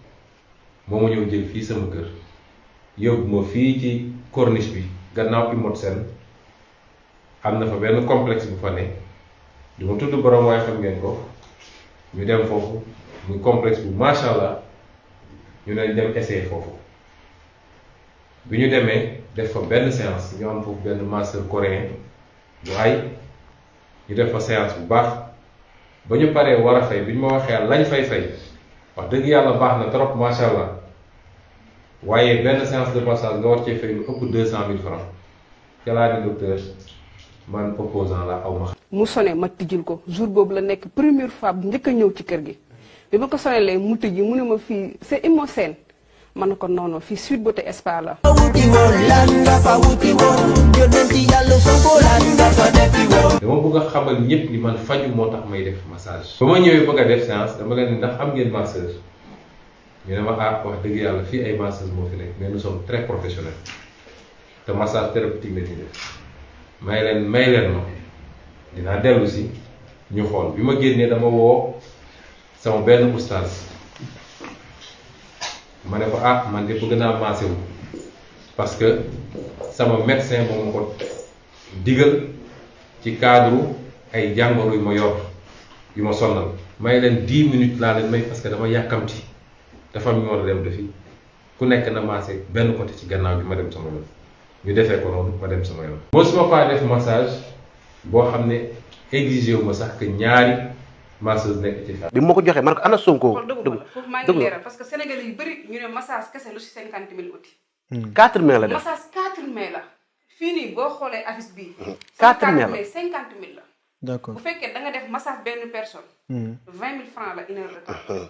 moo ñew jël fi sama kër yóbbu ma fii ci corniche bi gannaaw mot sen amna fa benn complexe bu fa ne du ma tudd borom way xam ngeen ko ñu dem fofu muy complexe bu machallah ñu ne dem essayer fofu bi ñu demee def fa benn séance ñu am foofu benn master coréen bu ay ñu def fa séance bu baax ba ñu paree war a fay bi ñu ma waxee lañ fay fay wax dëgg yàlla baax na trop macha allah waaye benn séance de passage nga war cee fay lu ëpp deux cent mille francs ca laa ne man opposant la aw ma. mu sone ma tijjil ko jour boobu la nekk première fois bu njëkk a ñëw ci kër gi bi ma ko sonalee mu tijji mu ne ma fii c'est Imosène ma na ko noonu fii Sweet Beauté Spa la. dama bëgg a xamal ñëpp ni man faju moo tax may def massage. ba ma ñëwee bëgg a def séance dama leen ndax am ngeen masseur. ñu ne ma ah wax dëgg yàlla fii ay masseuse moo fi nekk mais nous sommes très professionnels te massage thérapeutique la ñuy def may leen may leen ma dinaa dellu si ñu xool bi ma génnee dama woo sama benn oustaz ma ne ko ah man de bëgg naa massé wu parce que sama médecin moom ko digal ci cadre ay jàngoro yu ma yor yu ma sonnal may leen 10 minutes laa leen may parce que dama yàkkamti dafa am ñu war a dem ku nek na maase ben côté ci gannaaw bi ma dem sama yoon ñu défé ko non ma dem sama yoon. mosuma faa def massage bo xamné ne exigé wu ma sax que ñaari massage nek ci. bi ma ko joxee man ko ana Sonko. dëgg dëgg foofu ngi leeral parce que sénégalais yu bari ñu né massage kese lu ci 50000 mille uti. Hmm. quatre la def massage quatre hmm. mille la. fini bo xolé office bi bii. quatre mille la cinquante la. d' bu fekkee da nga def massage ben personne. 20000 hmm. francs la une heure de temps.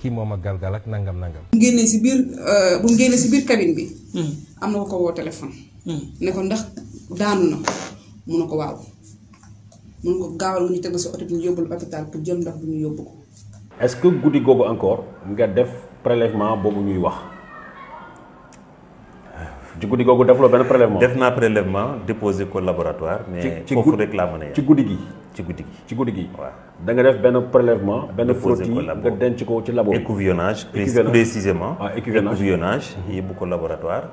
ki moma ak galgal ak nangam nangam. bu ci bir euh bu mu ci bir cabine bi. hmm amna ko wo téléphone hmm né ko ndax daanu na mun na ko waaw mun ko gaawal ñu teg ci si oto bi ñu yóbbu hôpital pour jël ndox bi ñu yobbu ko. est-ce que goudi gogo encore nga def prélèvement bobu ñuy wax. ci goudi gogo def la benn prélèvement. def na prélèvement déposer ko laboratoire. mais foofu rek laa mën ci goudi gi ci goudi gi ci goudi gi waaw da nga def benn prélèvement benn frottis nga denc ko ci labo écouvillonnage précisément ah, écouvillonnage yóbbu ko laboratoire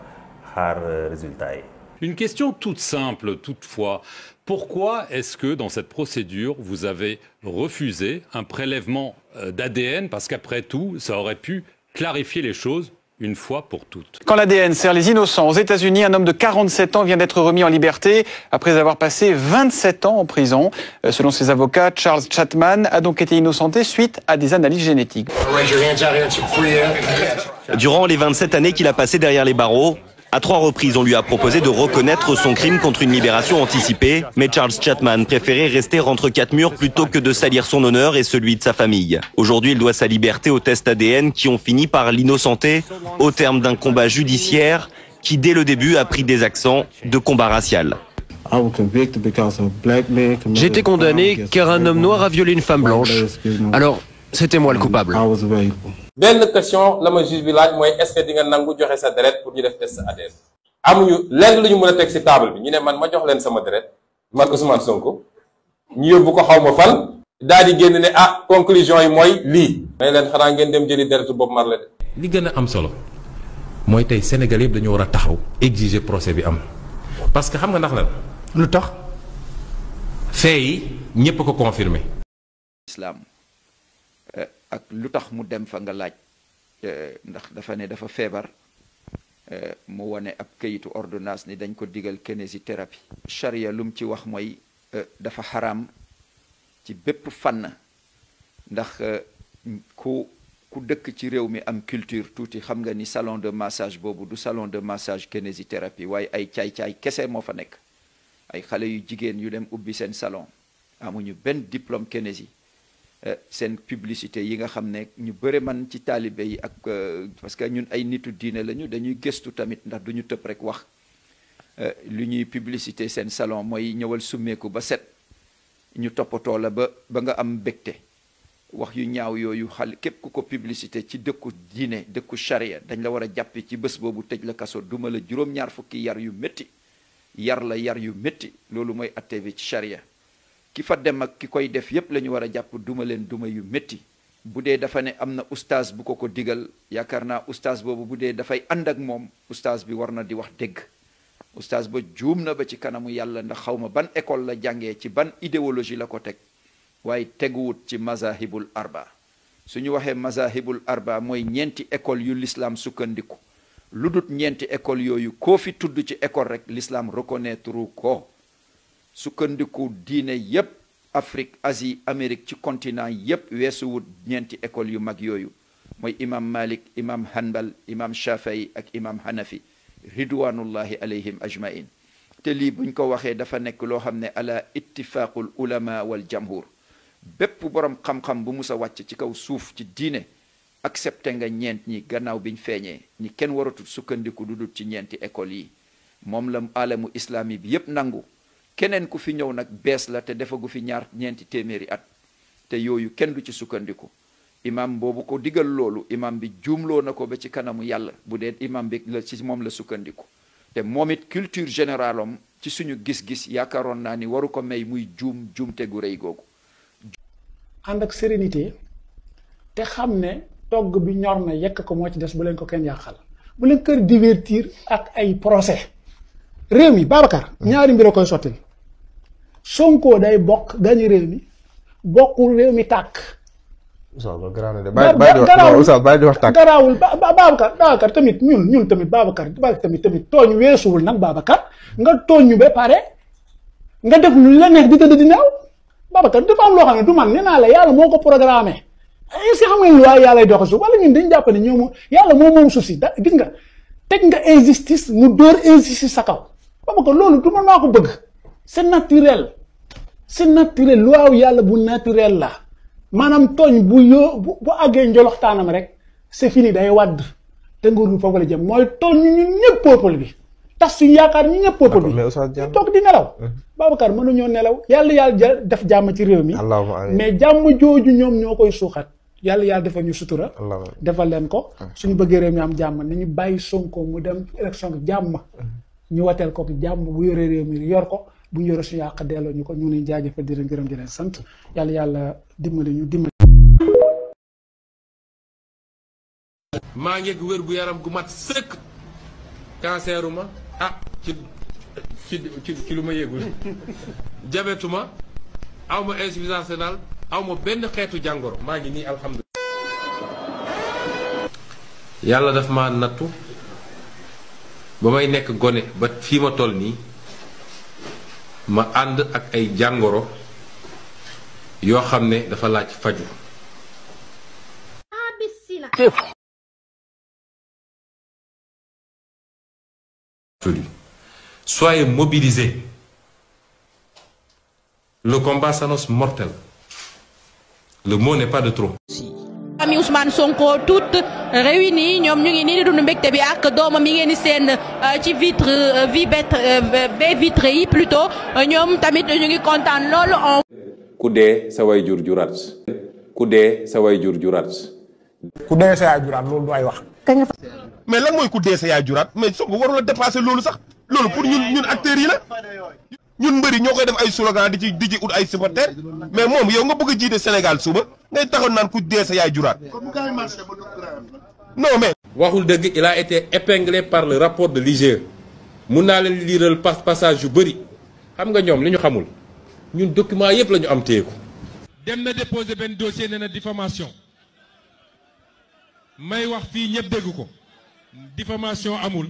xaar euh, résultat une question toute simple toutefois pourquoi est-ce que dans cette procédure vous avez refusé un prélèvement euh, d'ADN parce qu'après tout ça aurait pu clarifier les choses une fois pour toutes. Quand l'ADN sert les innocents, aux États-Unis, un homme de 47 ans vient d'être remis en liberté après avoir passé 27 ans en prison. Euh, selon ses avocats, Charles Chatman a donc été innocenté suite à des analyses génétiques. Ah hein. Durant les 27 années qu'il a passé derrière les barreaux, à trois reprises, on lui a proposé de reconnaître son crime contre une libération anticipée, mais Charles Chapman préférait rester entre quatre murs plutôt que de salir son honneur et celui de sa famille. Aujourd'hui, il doit sa liberté aux tests ADN qui ont fini par l'innocenter au terme d'un combat judiciaire qui, dès le début, a pris des accents de combat racial. J'étais condamné car un homme noir a violé une femme blanche. Alors, c'était moi le coupable. benn question la ma juge bi laaj mooy est-ce que di nangu joxe sa deret pour ñu def test am ñu lenn lu ñu mën a teg ci table bi ñu ne man ma jox leen sama deret man Ousmane Sonko ñu yóbbu ko xaw ma fan daal di génn ne ah conclusion yi mooy lii. may leen xanaa ngeen dem jëli deretu Bob Marley de. li gën a am solo mooy tey Sénégal yëpp dañu war a taxaw exiger procès bi am parce que xam nga ndax lan lu tax fee yi ñëpp ko confirmé. islam. ak lu tax mu dem fa nga laaj eh, ndax dafa ne dafa feebar eh, mu wane ab kayitu ordonnance ni dañ ko digal kinésithérapie charia lum ci wax mooy eh, dafa xaraam ci bépp fànn ndax ku ku dëkk ci réew mi am culture tuuti xam nga ni salon de massage boobu du salon de massage kinésithérapie waaye ay caay-caay kese moo fa nekk ay xale yu jigéen yu dem ubbi seen salon amuñu benn diplôme kinési Euh, sen publicité yi nga xamné ñu bëré man ci talibé yi ak euh, parce que ñun ay nitu diiné lañu dañuy gëstu tamit ndax duñu tepp rek wax euh, lu ñuy publicité sen salon moy ñëwal suméku ba set ñu toppatoo la ba ba nga am mbégte wax yu ñaaw yoyu xal képp ku ko publicité ci dëkku diiné dëkku sharia dañ la wara ci bëss bobu tej la kasso duma la juroom ñaar fukki yar yu metti yar la yar yu metti lolu moy attewe ci sharia ki fa dem ak ki koy def yépp la ñu war a jàpp duma leen duma yu metti bu dee dafa ne am na oustaz bu ko ko digal yaakaar naa oustaz boobu bu dee dafay ànd ak moom oustaz bi war na di wax dégg oustaz ba juum na ba ci kanamu yàlla ndax xaw ma ban école la jàngee ci ban idéologie la ko teg waaye teguwut ci mazahibul arba su ñu waxee mazahibul arba mooy ñeenti école yu lislaam sukkandiku lu dut ñeenti école yooyu koo fi tudd ci école rek l'islam reconnaître ko sukkandiku diine yépp Afrique Asie Amérique ci continent yépp weesuwut ñeenti école yu mag yooyu mooy imam Malik imaam Hanbal imam Shafii ak imam Hanafi ridwanullahi alayhim ajmain te lii buñ ko waxee dafa nekk loo xam ne ala ittifaqul ulama wal jamhur bépp borom xam bu mus a ci kaw suuf ci diine accepté nga ñeent ñi gannaaw biñ feeñee ni kenn waratul sukkandiku dudut ci ñeenti école yi moom la alamu islami bi yépp nangu keneen ku fi ñëw nag bees la te defagu fi ñaar ñeenti téeméeri at te yooyu kenn du ci sukkandiku imam boobu ko digal loolu imam bi juumloo na ko ba ci kanamu yàlla bu dee imam bi la ci moom la sukkandiku te moom it culture générale am ci suñu gis-gis yaakaaroon naa ni waru ko may muy juum juumte gu rëy googu. ànd ak sérénité te xam ne togg bi ñor na yekk ko moo ci des bu leen ko kenn yàqal bu leen kër divertir ak ay procès réew mi Babacar. ñaari mbir a Sonko day bokk gañu réew mi bokkul réew mi tàkk. Oustaz loolu garaaw na de bàyyi bàyyi di wax Oustaz bàyyi di wax tàkk garaawul Babacar Babacar tamit ñun ñun tamit Babacar tamit nag Babacar nga tooñ ñu ba pare nga def lu la neex di tëdd di naaw Babacar dafa am loo xam ne du man nee naa la yàlla moo ko programmé est-ce xam nga lu waaye yàlla doxe suuf wala ñun dañ jàpp ne ñoom yàlla moo moom suuf si da gis nga teg nga injustice mu dóor injustice sa kaw Babacar loolu du man maa ko bëgg c'est naturel. c'est naturel waaw yàlla bu naturel la maanaam tooñ bu yoo bu àggee njoloxtaanam rek c'est fini day wàdd te nguur gi foofu la jëm mooy tooñ ñu ñëpp peuple bi tas suñu yaakaar ñu ñëpp peuple bi ñu toog di nelaw mhm. Babacar mënuñoo nelaw yàlla yàlla def jàmm ci réew mi mais jàmm jooju ñoom ñoo koy suuxat yàlla yàlla defal ñu sutura defal leen ko mhm. suñu bëggee réew mi am jàmm ñu bàyyi Sonko mu dem élection jàmm mhm. ñu wateel ko jàmm bu yoree réew mi yor ko bu ñu yore suñu delloo ñu ko ñu ngi leen jaajëfal di leen gërëm di leen sant yàlla yàlla dimbali ñu dimbali. maa ngi gu yaram gu mat sëkk kanseeruma ah ci ci lu ma yëgul jabetuma aw ma insuffisance rénale aw ma benn xeetu jàngoro maa ngi nii alhamdulilah. yàlla daf ma nattu ba may nekk gone ba fii ma toll nii. ma ànd ak ay jàngoro yoo xam ne dafa laaj faju soyez mobilisés le combat s'annonce mortel le mot n'est pas de trop famille Ousmane Sonko toutes réunies ñoom ñu ngi nii di dund mbégte bi ak doomam yi ngeen di seen euh, ci vitre euh, vi bet euh, ba vitre yi plutôt ñoom tamit ñu ngi kontaan loolu on ku dee sa way jur juraat ku dee sa way jur juraat ku dee sa yaay juraat loolu du ay wax mais lan mooy ku dee sa yaay juraat mais Sonko warul a loolu sax loolu pour ñun ñun yi la ñun mbëri ñoo koy def ay slogan di ci di ci ut ay supporters mais moom yow nga bëgg a jiite Sénégal suba ngay taxaw naan ku dee sa yaay juraat non mais. waxul dëgg il a été épinglé par le rapport de l'IGE mun naa leen liiral pas passage yu bëri xam nga ñoom li ñu xamul ñun document yëpp la ñu am téye ko. dem na déposer benn dossier nee na diffamation may wax fii ñëpp dégg ko diffamation amul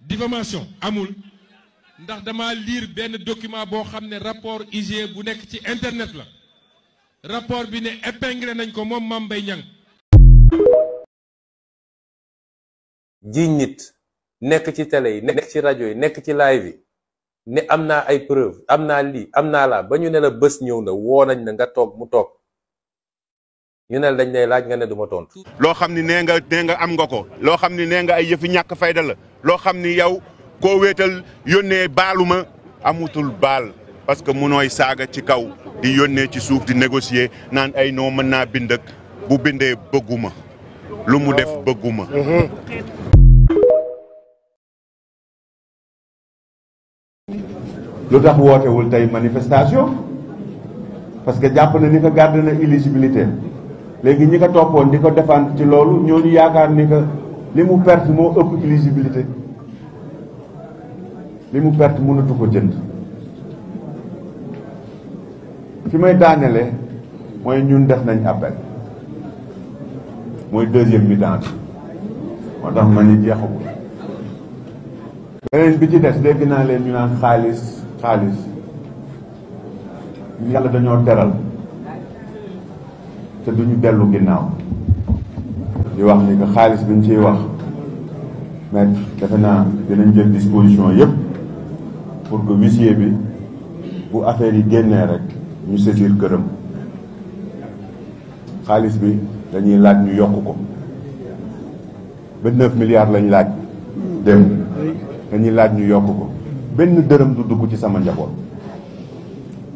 diffamation amul. ndax dama lire benn document boo xam ne rapport IGE bu nekk ci internet la rapport bi ne épinglé nañ ko moom Mame Mbaye Niang jiñ nekk ci télé yi nekk ci rajo yi nekk ci live yi ne am naa ay preuve am naa lii am naa laa ba ñu nela la bés ñëw na woo nañ na nga toog mu toog ñu ne dañ lay laaj nga ne du ma tontu. loo xam ni nee nga am nga ko loo xam ni nee nga ay yëfi ñàkk fayda la loo xam ni yow. koo wéetal yónnee baaluma amatul baal parce que munooy saaga ci kaw di yónnee ci suuf di négocier naan ay noo mën naa bind ak bu bindee bëgguma lu mu def bëgguma lu tax wootewul tey manifestation parce que jàpp na ni ko gàdd na éligibilité léegi ñi ko toppoon di ko défendre ci loolu ñooñu yaakaar ni que li mu perte moo ëpp éligibilité li mu perte mënatu ko jënd fi may daanele mooy ñun def nañ appel mooy deuxième mi-temps moo tax ma ni jeexagul beneen bi ci des dégg naa leen ñu naan xaalis xaalis ñu yàlla dañoo teral te duñu dellu ginnaaw li wax li que xaalis biñ ciy wax mais defe naa dinañ jël disposition yépp pour que huissier bi bu affaire yi génnee rek ñu saisir gërëm xaalis bi dañuy laaj ñu yokk ko ba neuf milliards laaj dem dañuy laaj ñu yokk ko benn dërëm du dugg ci sama njaboot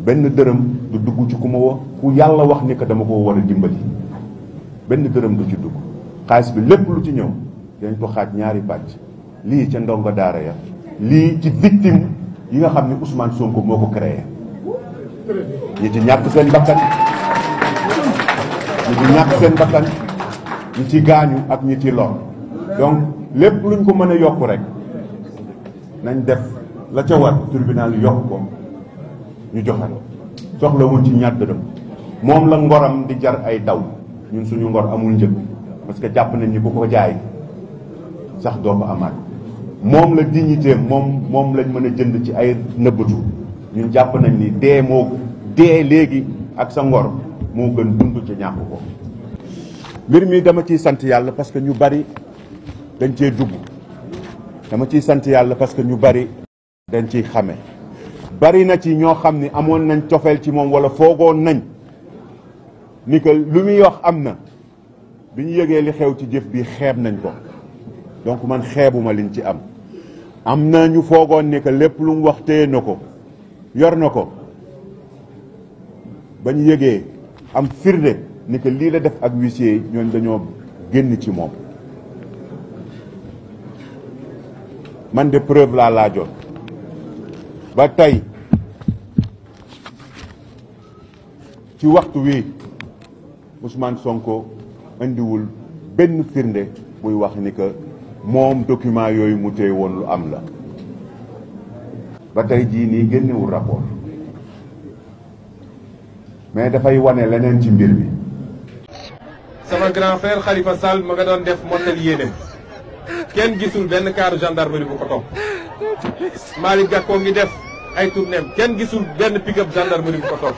benn dërëm du dugg ci ku ma ku yàlla wax ni que dama ko war dimbali benn dërëm du ci dugg xaalis bi lépp lu ci ñëw dañ ko xaaj ñaari pàcc lii ca ndongo daara ya lii ci victime yi nga xam ne Ousmane Sonko moo ko créé ñi ci ñàkk seen bakkan ñi ci seen bakkan ñi ci gaañu ak ñi ci lor donc lépp luñ ko mën a yokk rek nañ def la ca war tribunal yokk ko ñu joxe soxlawul ci ñaar dërëm moom la ngoram di jar ay daw ñun suñu ngor amul njëg parce que jàpp nañ ni ku ko jaay sax doo ko amaat moom la dignité moom moom lañ mën a jënd ci ay nëbbatu ñun jàpp nañ ni dee moo dee léegi ak sa ngor moo gën dund ci ñàkk ko mbir mi dama ciy sant yàlla parce que ñu bari dañ cee dugg dama ciy sant parce que ñu bari dañ ciy xame bari na ci ñoo xam ni amoon nañ cofeel ci moom wala foogoon nañ ni que lu muy wax am na bi ñu yëgee li xew ci jëf bi xeeb nañ ko donc man xeebuma liñ ci am am na ñu foogoon ne que lépp lu mu wax téye na ko yor na ko ba ñu yëgee am firnde ni que lii la def ak huissier yi ñooñ dañoo génn ci moom man de preuve laa laajoon ba tey ci waxtu wi Ousmane Sonko indiwul benn firnde buy wax ni que moom document yooyu mu téye woon lu am la ba tey jii nii génnewul rapport mais dafay wane leneen ci mbir mi sama grand frère Khalifa Sall ma nga doon def mottal yéene kenn gisul benn kaaru gendarmerie bu ko topp Malick Gakou ngi def ay tournéem kenn gisul benn pick-up gendarmerie bu ko topp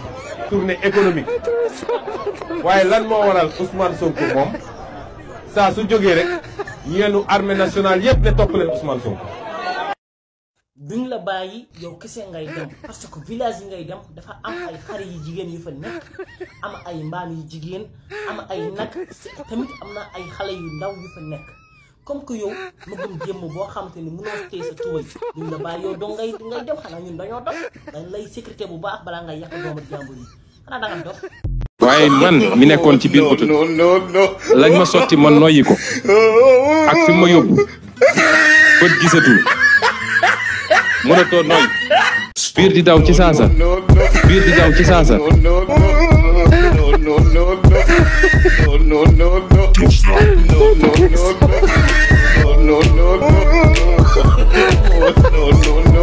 tournée économique waaye lan moo waral Ousmane Sonko moom saa su jógee rek yenu armée nationale yépp ne topp leen Ousmane Sonko. duñ la bàyyi yow kese ngay dem parce que village yi ngay dem dafa am ay xar yi jigéen yu fa nekk am ay mbaam yi jigéen am ay nag tamit am na ay xale yu ndaw yu fa nekk comme que yow mu gëm jëmm boo xam te ni mënoo téye sa tuway duñ la bàyyi yow doo ngay ngay dem xanaa ñun dañoo dox dañ lay sécurité bu baax balaa ngay yàq doomu jàmbur yi xanaa da dox waaye man mi nekkoon ci biir butu lañ ma sotti ma noyyi ak fi ma noy di daw ci di daw ci No, no, no, no,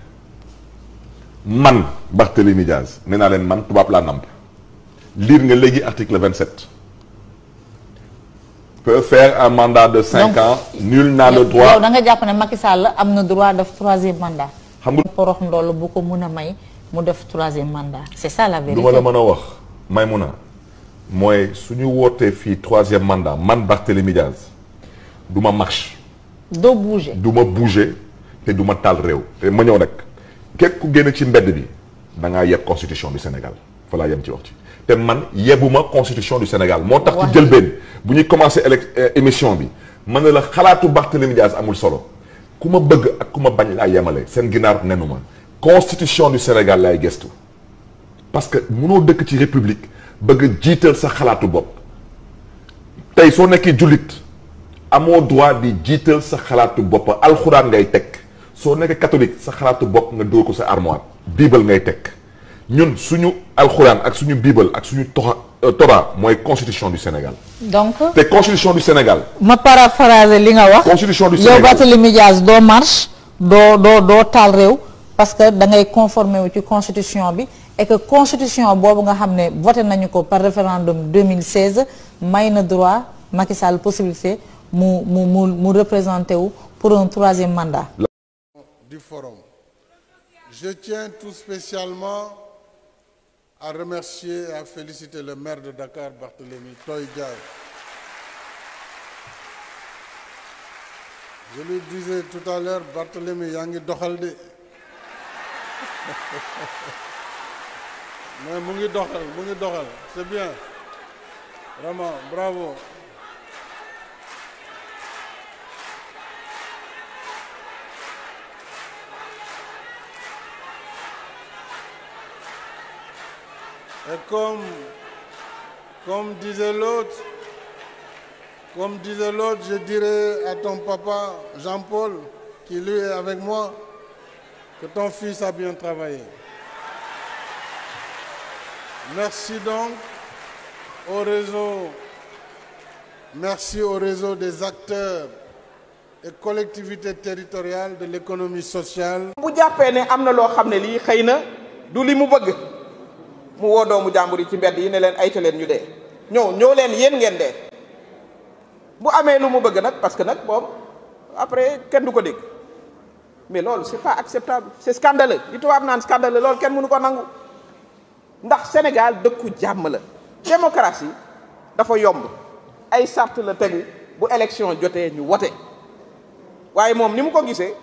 man Barthélémy Diaz nee naa man tubaab la namp lire nga légui article 27 peut faire un mandat de cinq ans nul n'a le droit yow da nga jàpp ne Macky Sall amna droit def troisième mandat xam nga porox ndoolu bu ko mun may mu def troisième mandat c'est ça la vérité lu la mën wax may mun a mooy suñu troisième mandat man Barthélémy Diaz du marche Do bouger du bouger té du tal taal té ma ñëw nak képp ku génn ci mbedd bi da la constitution du Sénégal Voilà, y'a un ci wax ci te man yebuma constitution du Sénégal moo tax ci jëlbeen bu commencé euh, émission bi man la la xalaatu Barthélémy à amul solo ku ma bëgg ak ku ma bañ laa yemale seen ginaar nenu constitution du Sénégal laay gestu parce que nous, de ci république bëgg jiital sa xalaatu bopp tey soo nekkee jullit amoo droit di jiital sa xalaatu bopp alxuraan ngay tech soo nekkee catholique sa xalaatu bopp nga dóor ko sa armoire bible ngay tek ñun suñu alcorane ak suñu bible ak suñu euh, tora moy constitution du Sénégal. donc te constitution du Sénégal. ma paraphraser li nga wax. constitution du Sénégal yow Barthélémy Dias do marche do do do tal rew parce que da ngay conformer ci constitution bi. et que constitution bobu nga xamné ne voté nañu ko par référendum 2016 may na droit Macky Sall possibilité mu mu mu représenter représenté wu pour un troisième mandat du forum. Je tiens tout spécialement à remercier et à féliciter le maire de Dakar, Barthélémy Toïdjaï. Je lui disais tout à l'heure, Barthélémy Yangi Dokhalde. Mais c'est bien. Vraiment, bravo. Et comme, comme disait l'autre, comme disait l'autre, je dirais à ton papa Jean-Paul, qui lui est avec moi, que ton fils a bien travaillé. Merci donc au réseau, merci au réseau des acteurs et collectivités territoriales de l'économie sociale. mu woo doomu jàmbur yi ci mbedd yi ne leen ayta ñu dee ñëw ñëw leen yéen ngeen dee bu amee lu mu bëgg nag parce que nag moom après kenn du ko dégg mais loolu c'est pas acceptable c'est scandaleux li tubaab naan scandaleux loolu kenn mënu ko nangu ndax Sénégal dëkku jàmm la démocratie dafa yomb ay sart la tegu bu élection jotee ñu wote waaye moom ni mu ko gisee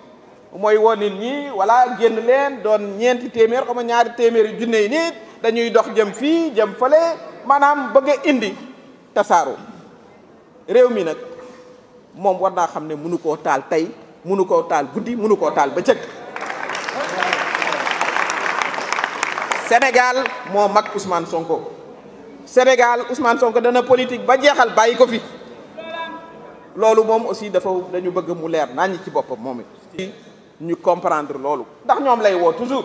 mooy woo nit ñi walla génn leen doon ñeenti téeméer xaw ma ñaari téeméer yu junne yi dañuy dox jëm fii jëm fale maanaam bëgg indi tasaaru réew mi nag moom war naa xam ne mënu koo taal tey mënu koo taal guddi mënu koo taal ba bëccëg Sénégal moo mag Ousmane Sonko Sénégal Ousmane Sonko dana politique ba jeexal bàyyi ko fi loolu moom aussi dafa dañu bëgg mu leer naa ci boppam moom it ñu comprendre loolu ndax ñoom lay woo toujours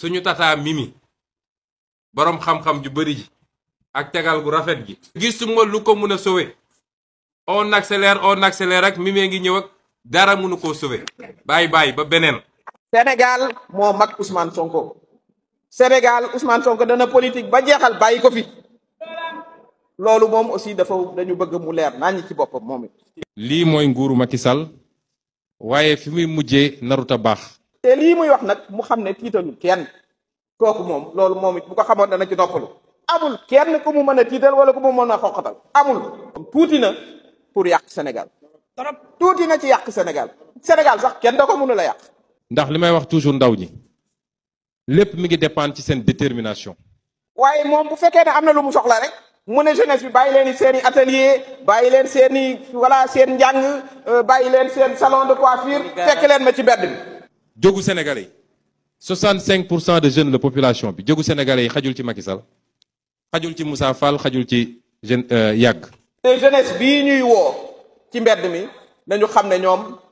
suñu tata mimi borom xam-xam ju beuri ji ak tegal gu rafet ji gisuma lu ko on accélère on accélère ak mimi ngi ñëw ak dara mënu ko sauvé bye, bàyyi ba benen sénégal mo mak ousmane sonko sénégal ousmane sonko dana politique ba jéxal bayiko fi lolu mom aussi dafa dañu bëgg mu lèr nañ ci bopam li moy nguru makissal waye fi muy mujjé naruta bax te li muy wax nak mu xamné titalul kenn koku mom loolu momit bu ko xamone dana ci noppalu amul kenn ku mu meuna tital wala ku mu meuna xoxatal amul tuuti na pour yak Sénégal torop tuuti na ci yak Sénégal Sénégal sax kenn dako ko la yak ndax limay wax toujours ndaw ñi lépp mi ngi dépendre ci sen détermination waye mom bu fekké ne amna lu mu soxla rek mu ne jeunesse bi bàyyi leen seen atelier bàyyi len seen wala sen jang njàng len sen salon de coiffure fekk len ma ci bedd bi djogu Sénégalais 65 des jeunes de la population bi Sénégalais xajul ci Macky xajul ci Moussa xajul ci jeune euh, jeunesse bi ñuy wo ci mbedd mi nañu xamné ne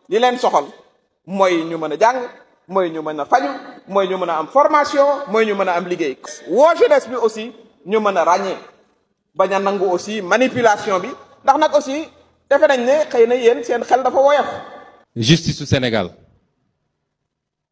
li leen soxal moy ñu mëna jang moy ñu mëna moy ñu mëna am formation moy ñu mëna am liggéey. wo jeunesse bi aussi ñu mëna baña aussi manipulation bi ndax nak aussi des nañ ne xeyna yeen xel dafa woyof. justice au Sénégal.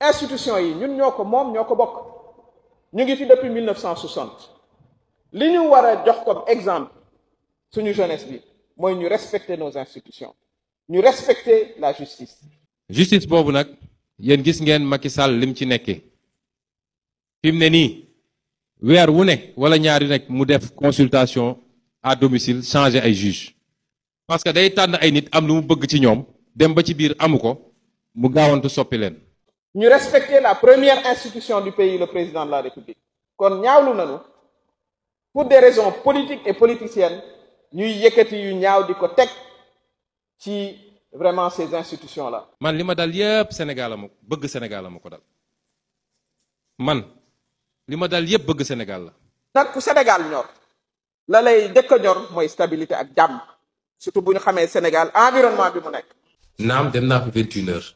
institution yi ñun ñoko mom ñoko bok ñu ngi fi depuis 1960 li ñu wara jox comme exemple suñu jeunesse bi moy ñu respecter nos institutions ñu respecter la justice. justice bobu nak yeen gis ngeen Macky Sall lim ci nekké fi ne wu ne wala ñaari nek mu def consultation à domicile changer ay juge parce que day tànn ay nit am lu mu bëgg ci ñom dem ba ci biir amuko mu gaawantu soppi leen. Nous respectons la première institution du pays le président de la république pour des raisons politiques et politiciennes Nous avons yu ñaaw vraiment ces institutions là. man lima que Sénégal Sénégal man Sénégal Sénégal surtout Sénégal environnement bi mu 21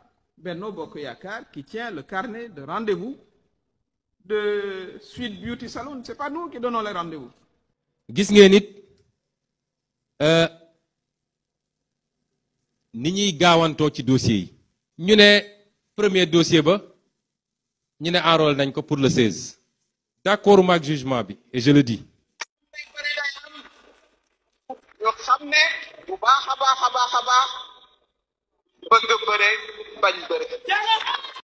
Benno Bokoyakar qui tient le carnet de rendez-vous de Suite Beauty Salon. Ce n'est pas nous qui donnons les rendez-vous. gis ngeen it euh, ni ñuy ci dossier Nous, ñu premier dossier nous avons un rôle pour le 16. D'accord avec le jugement et je le dis. bëgg bëre bañ bëre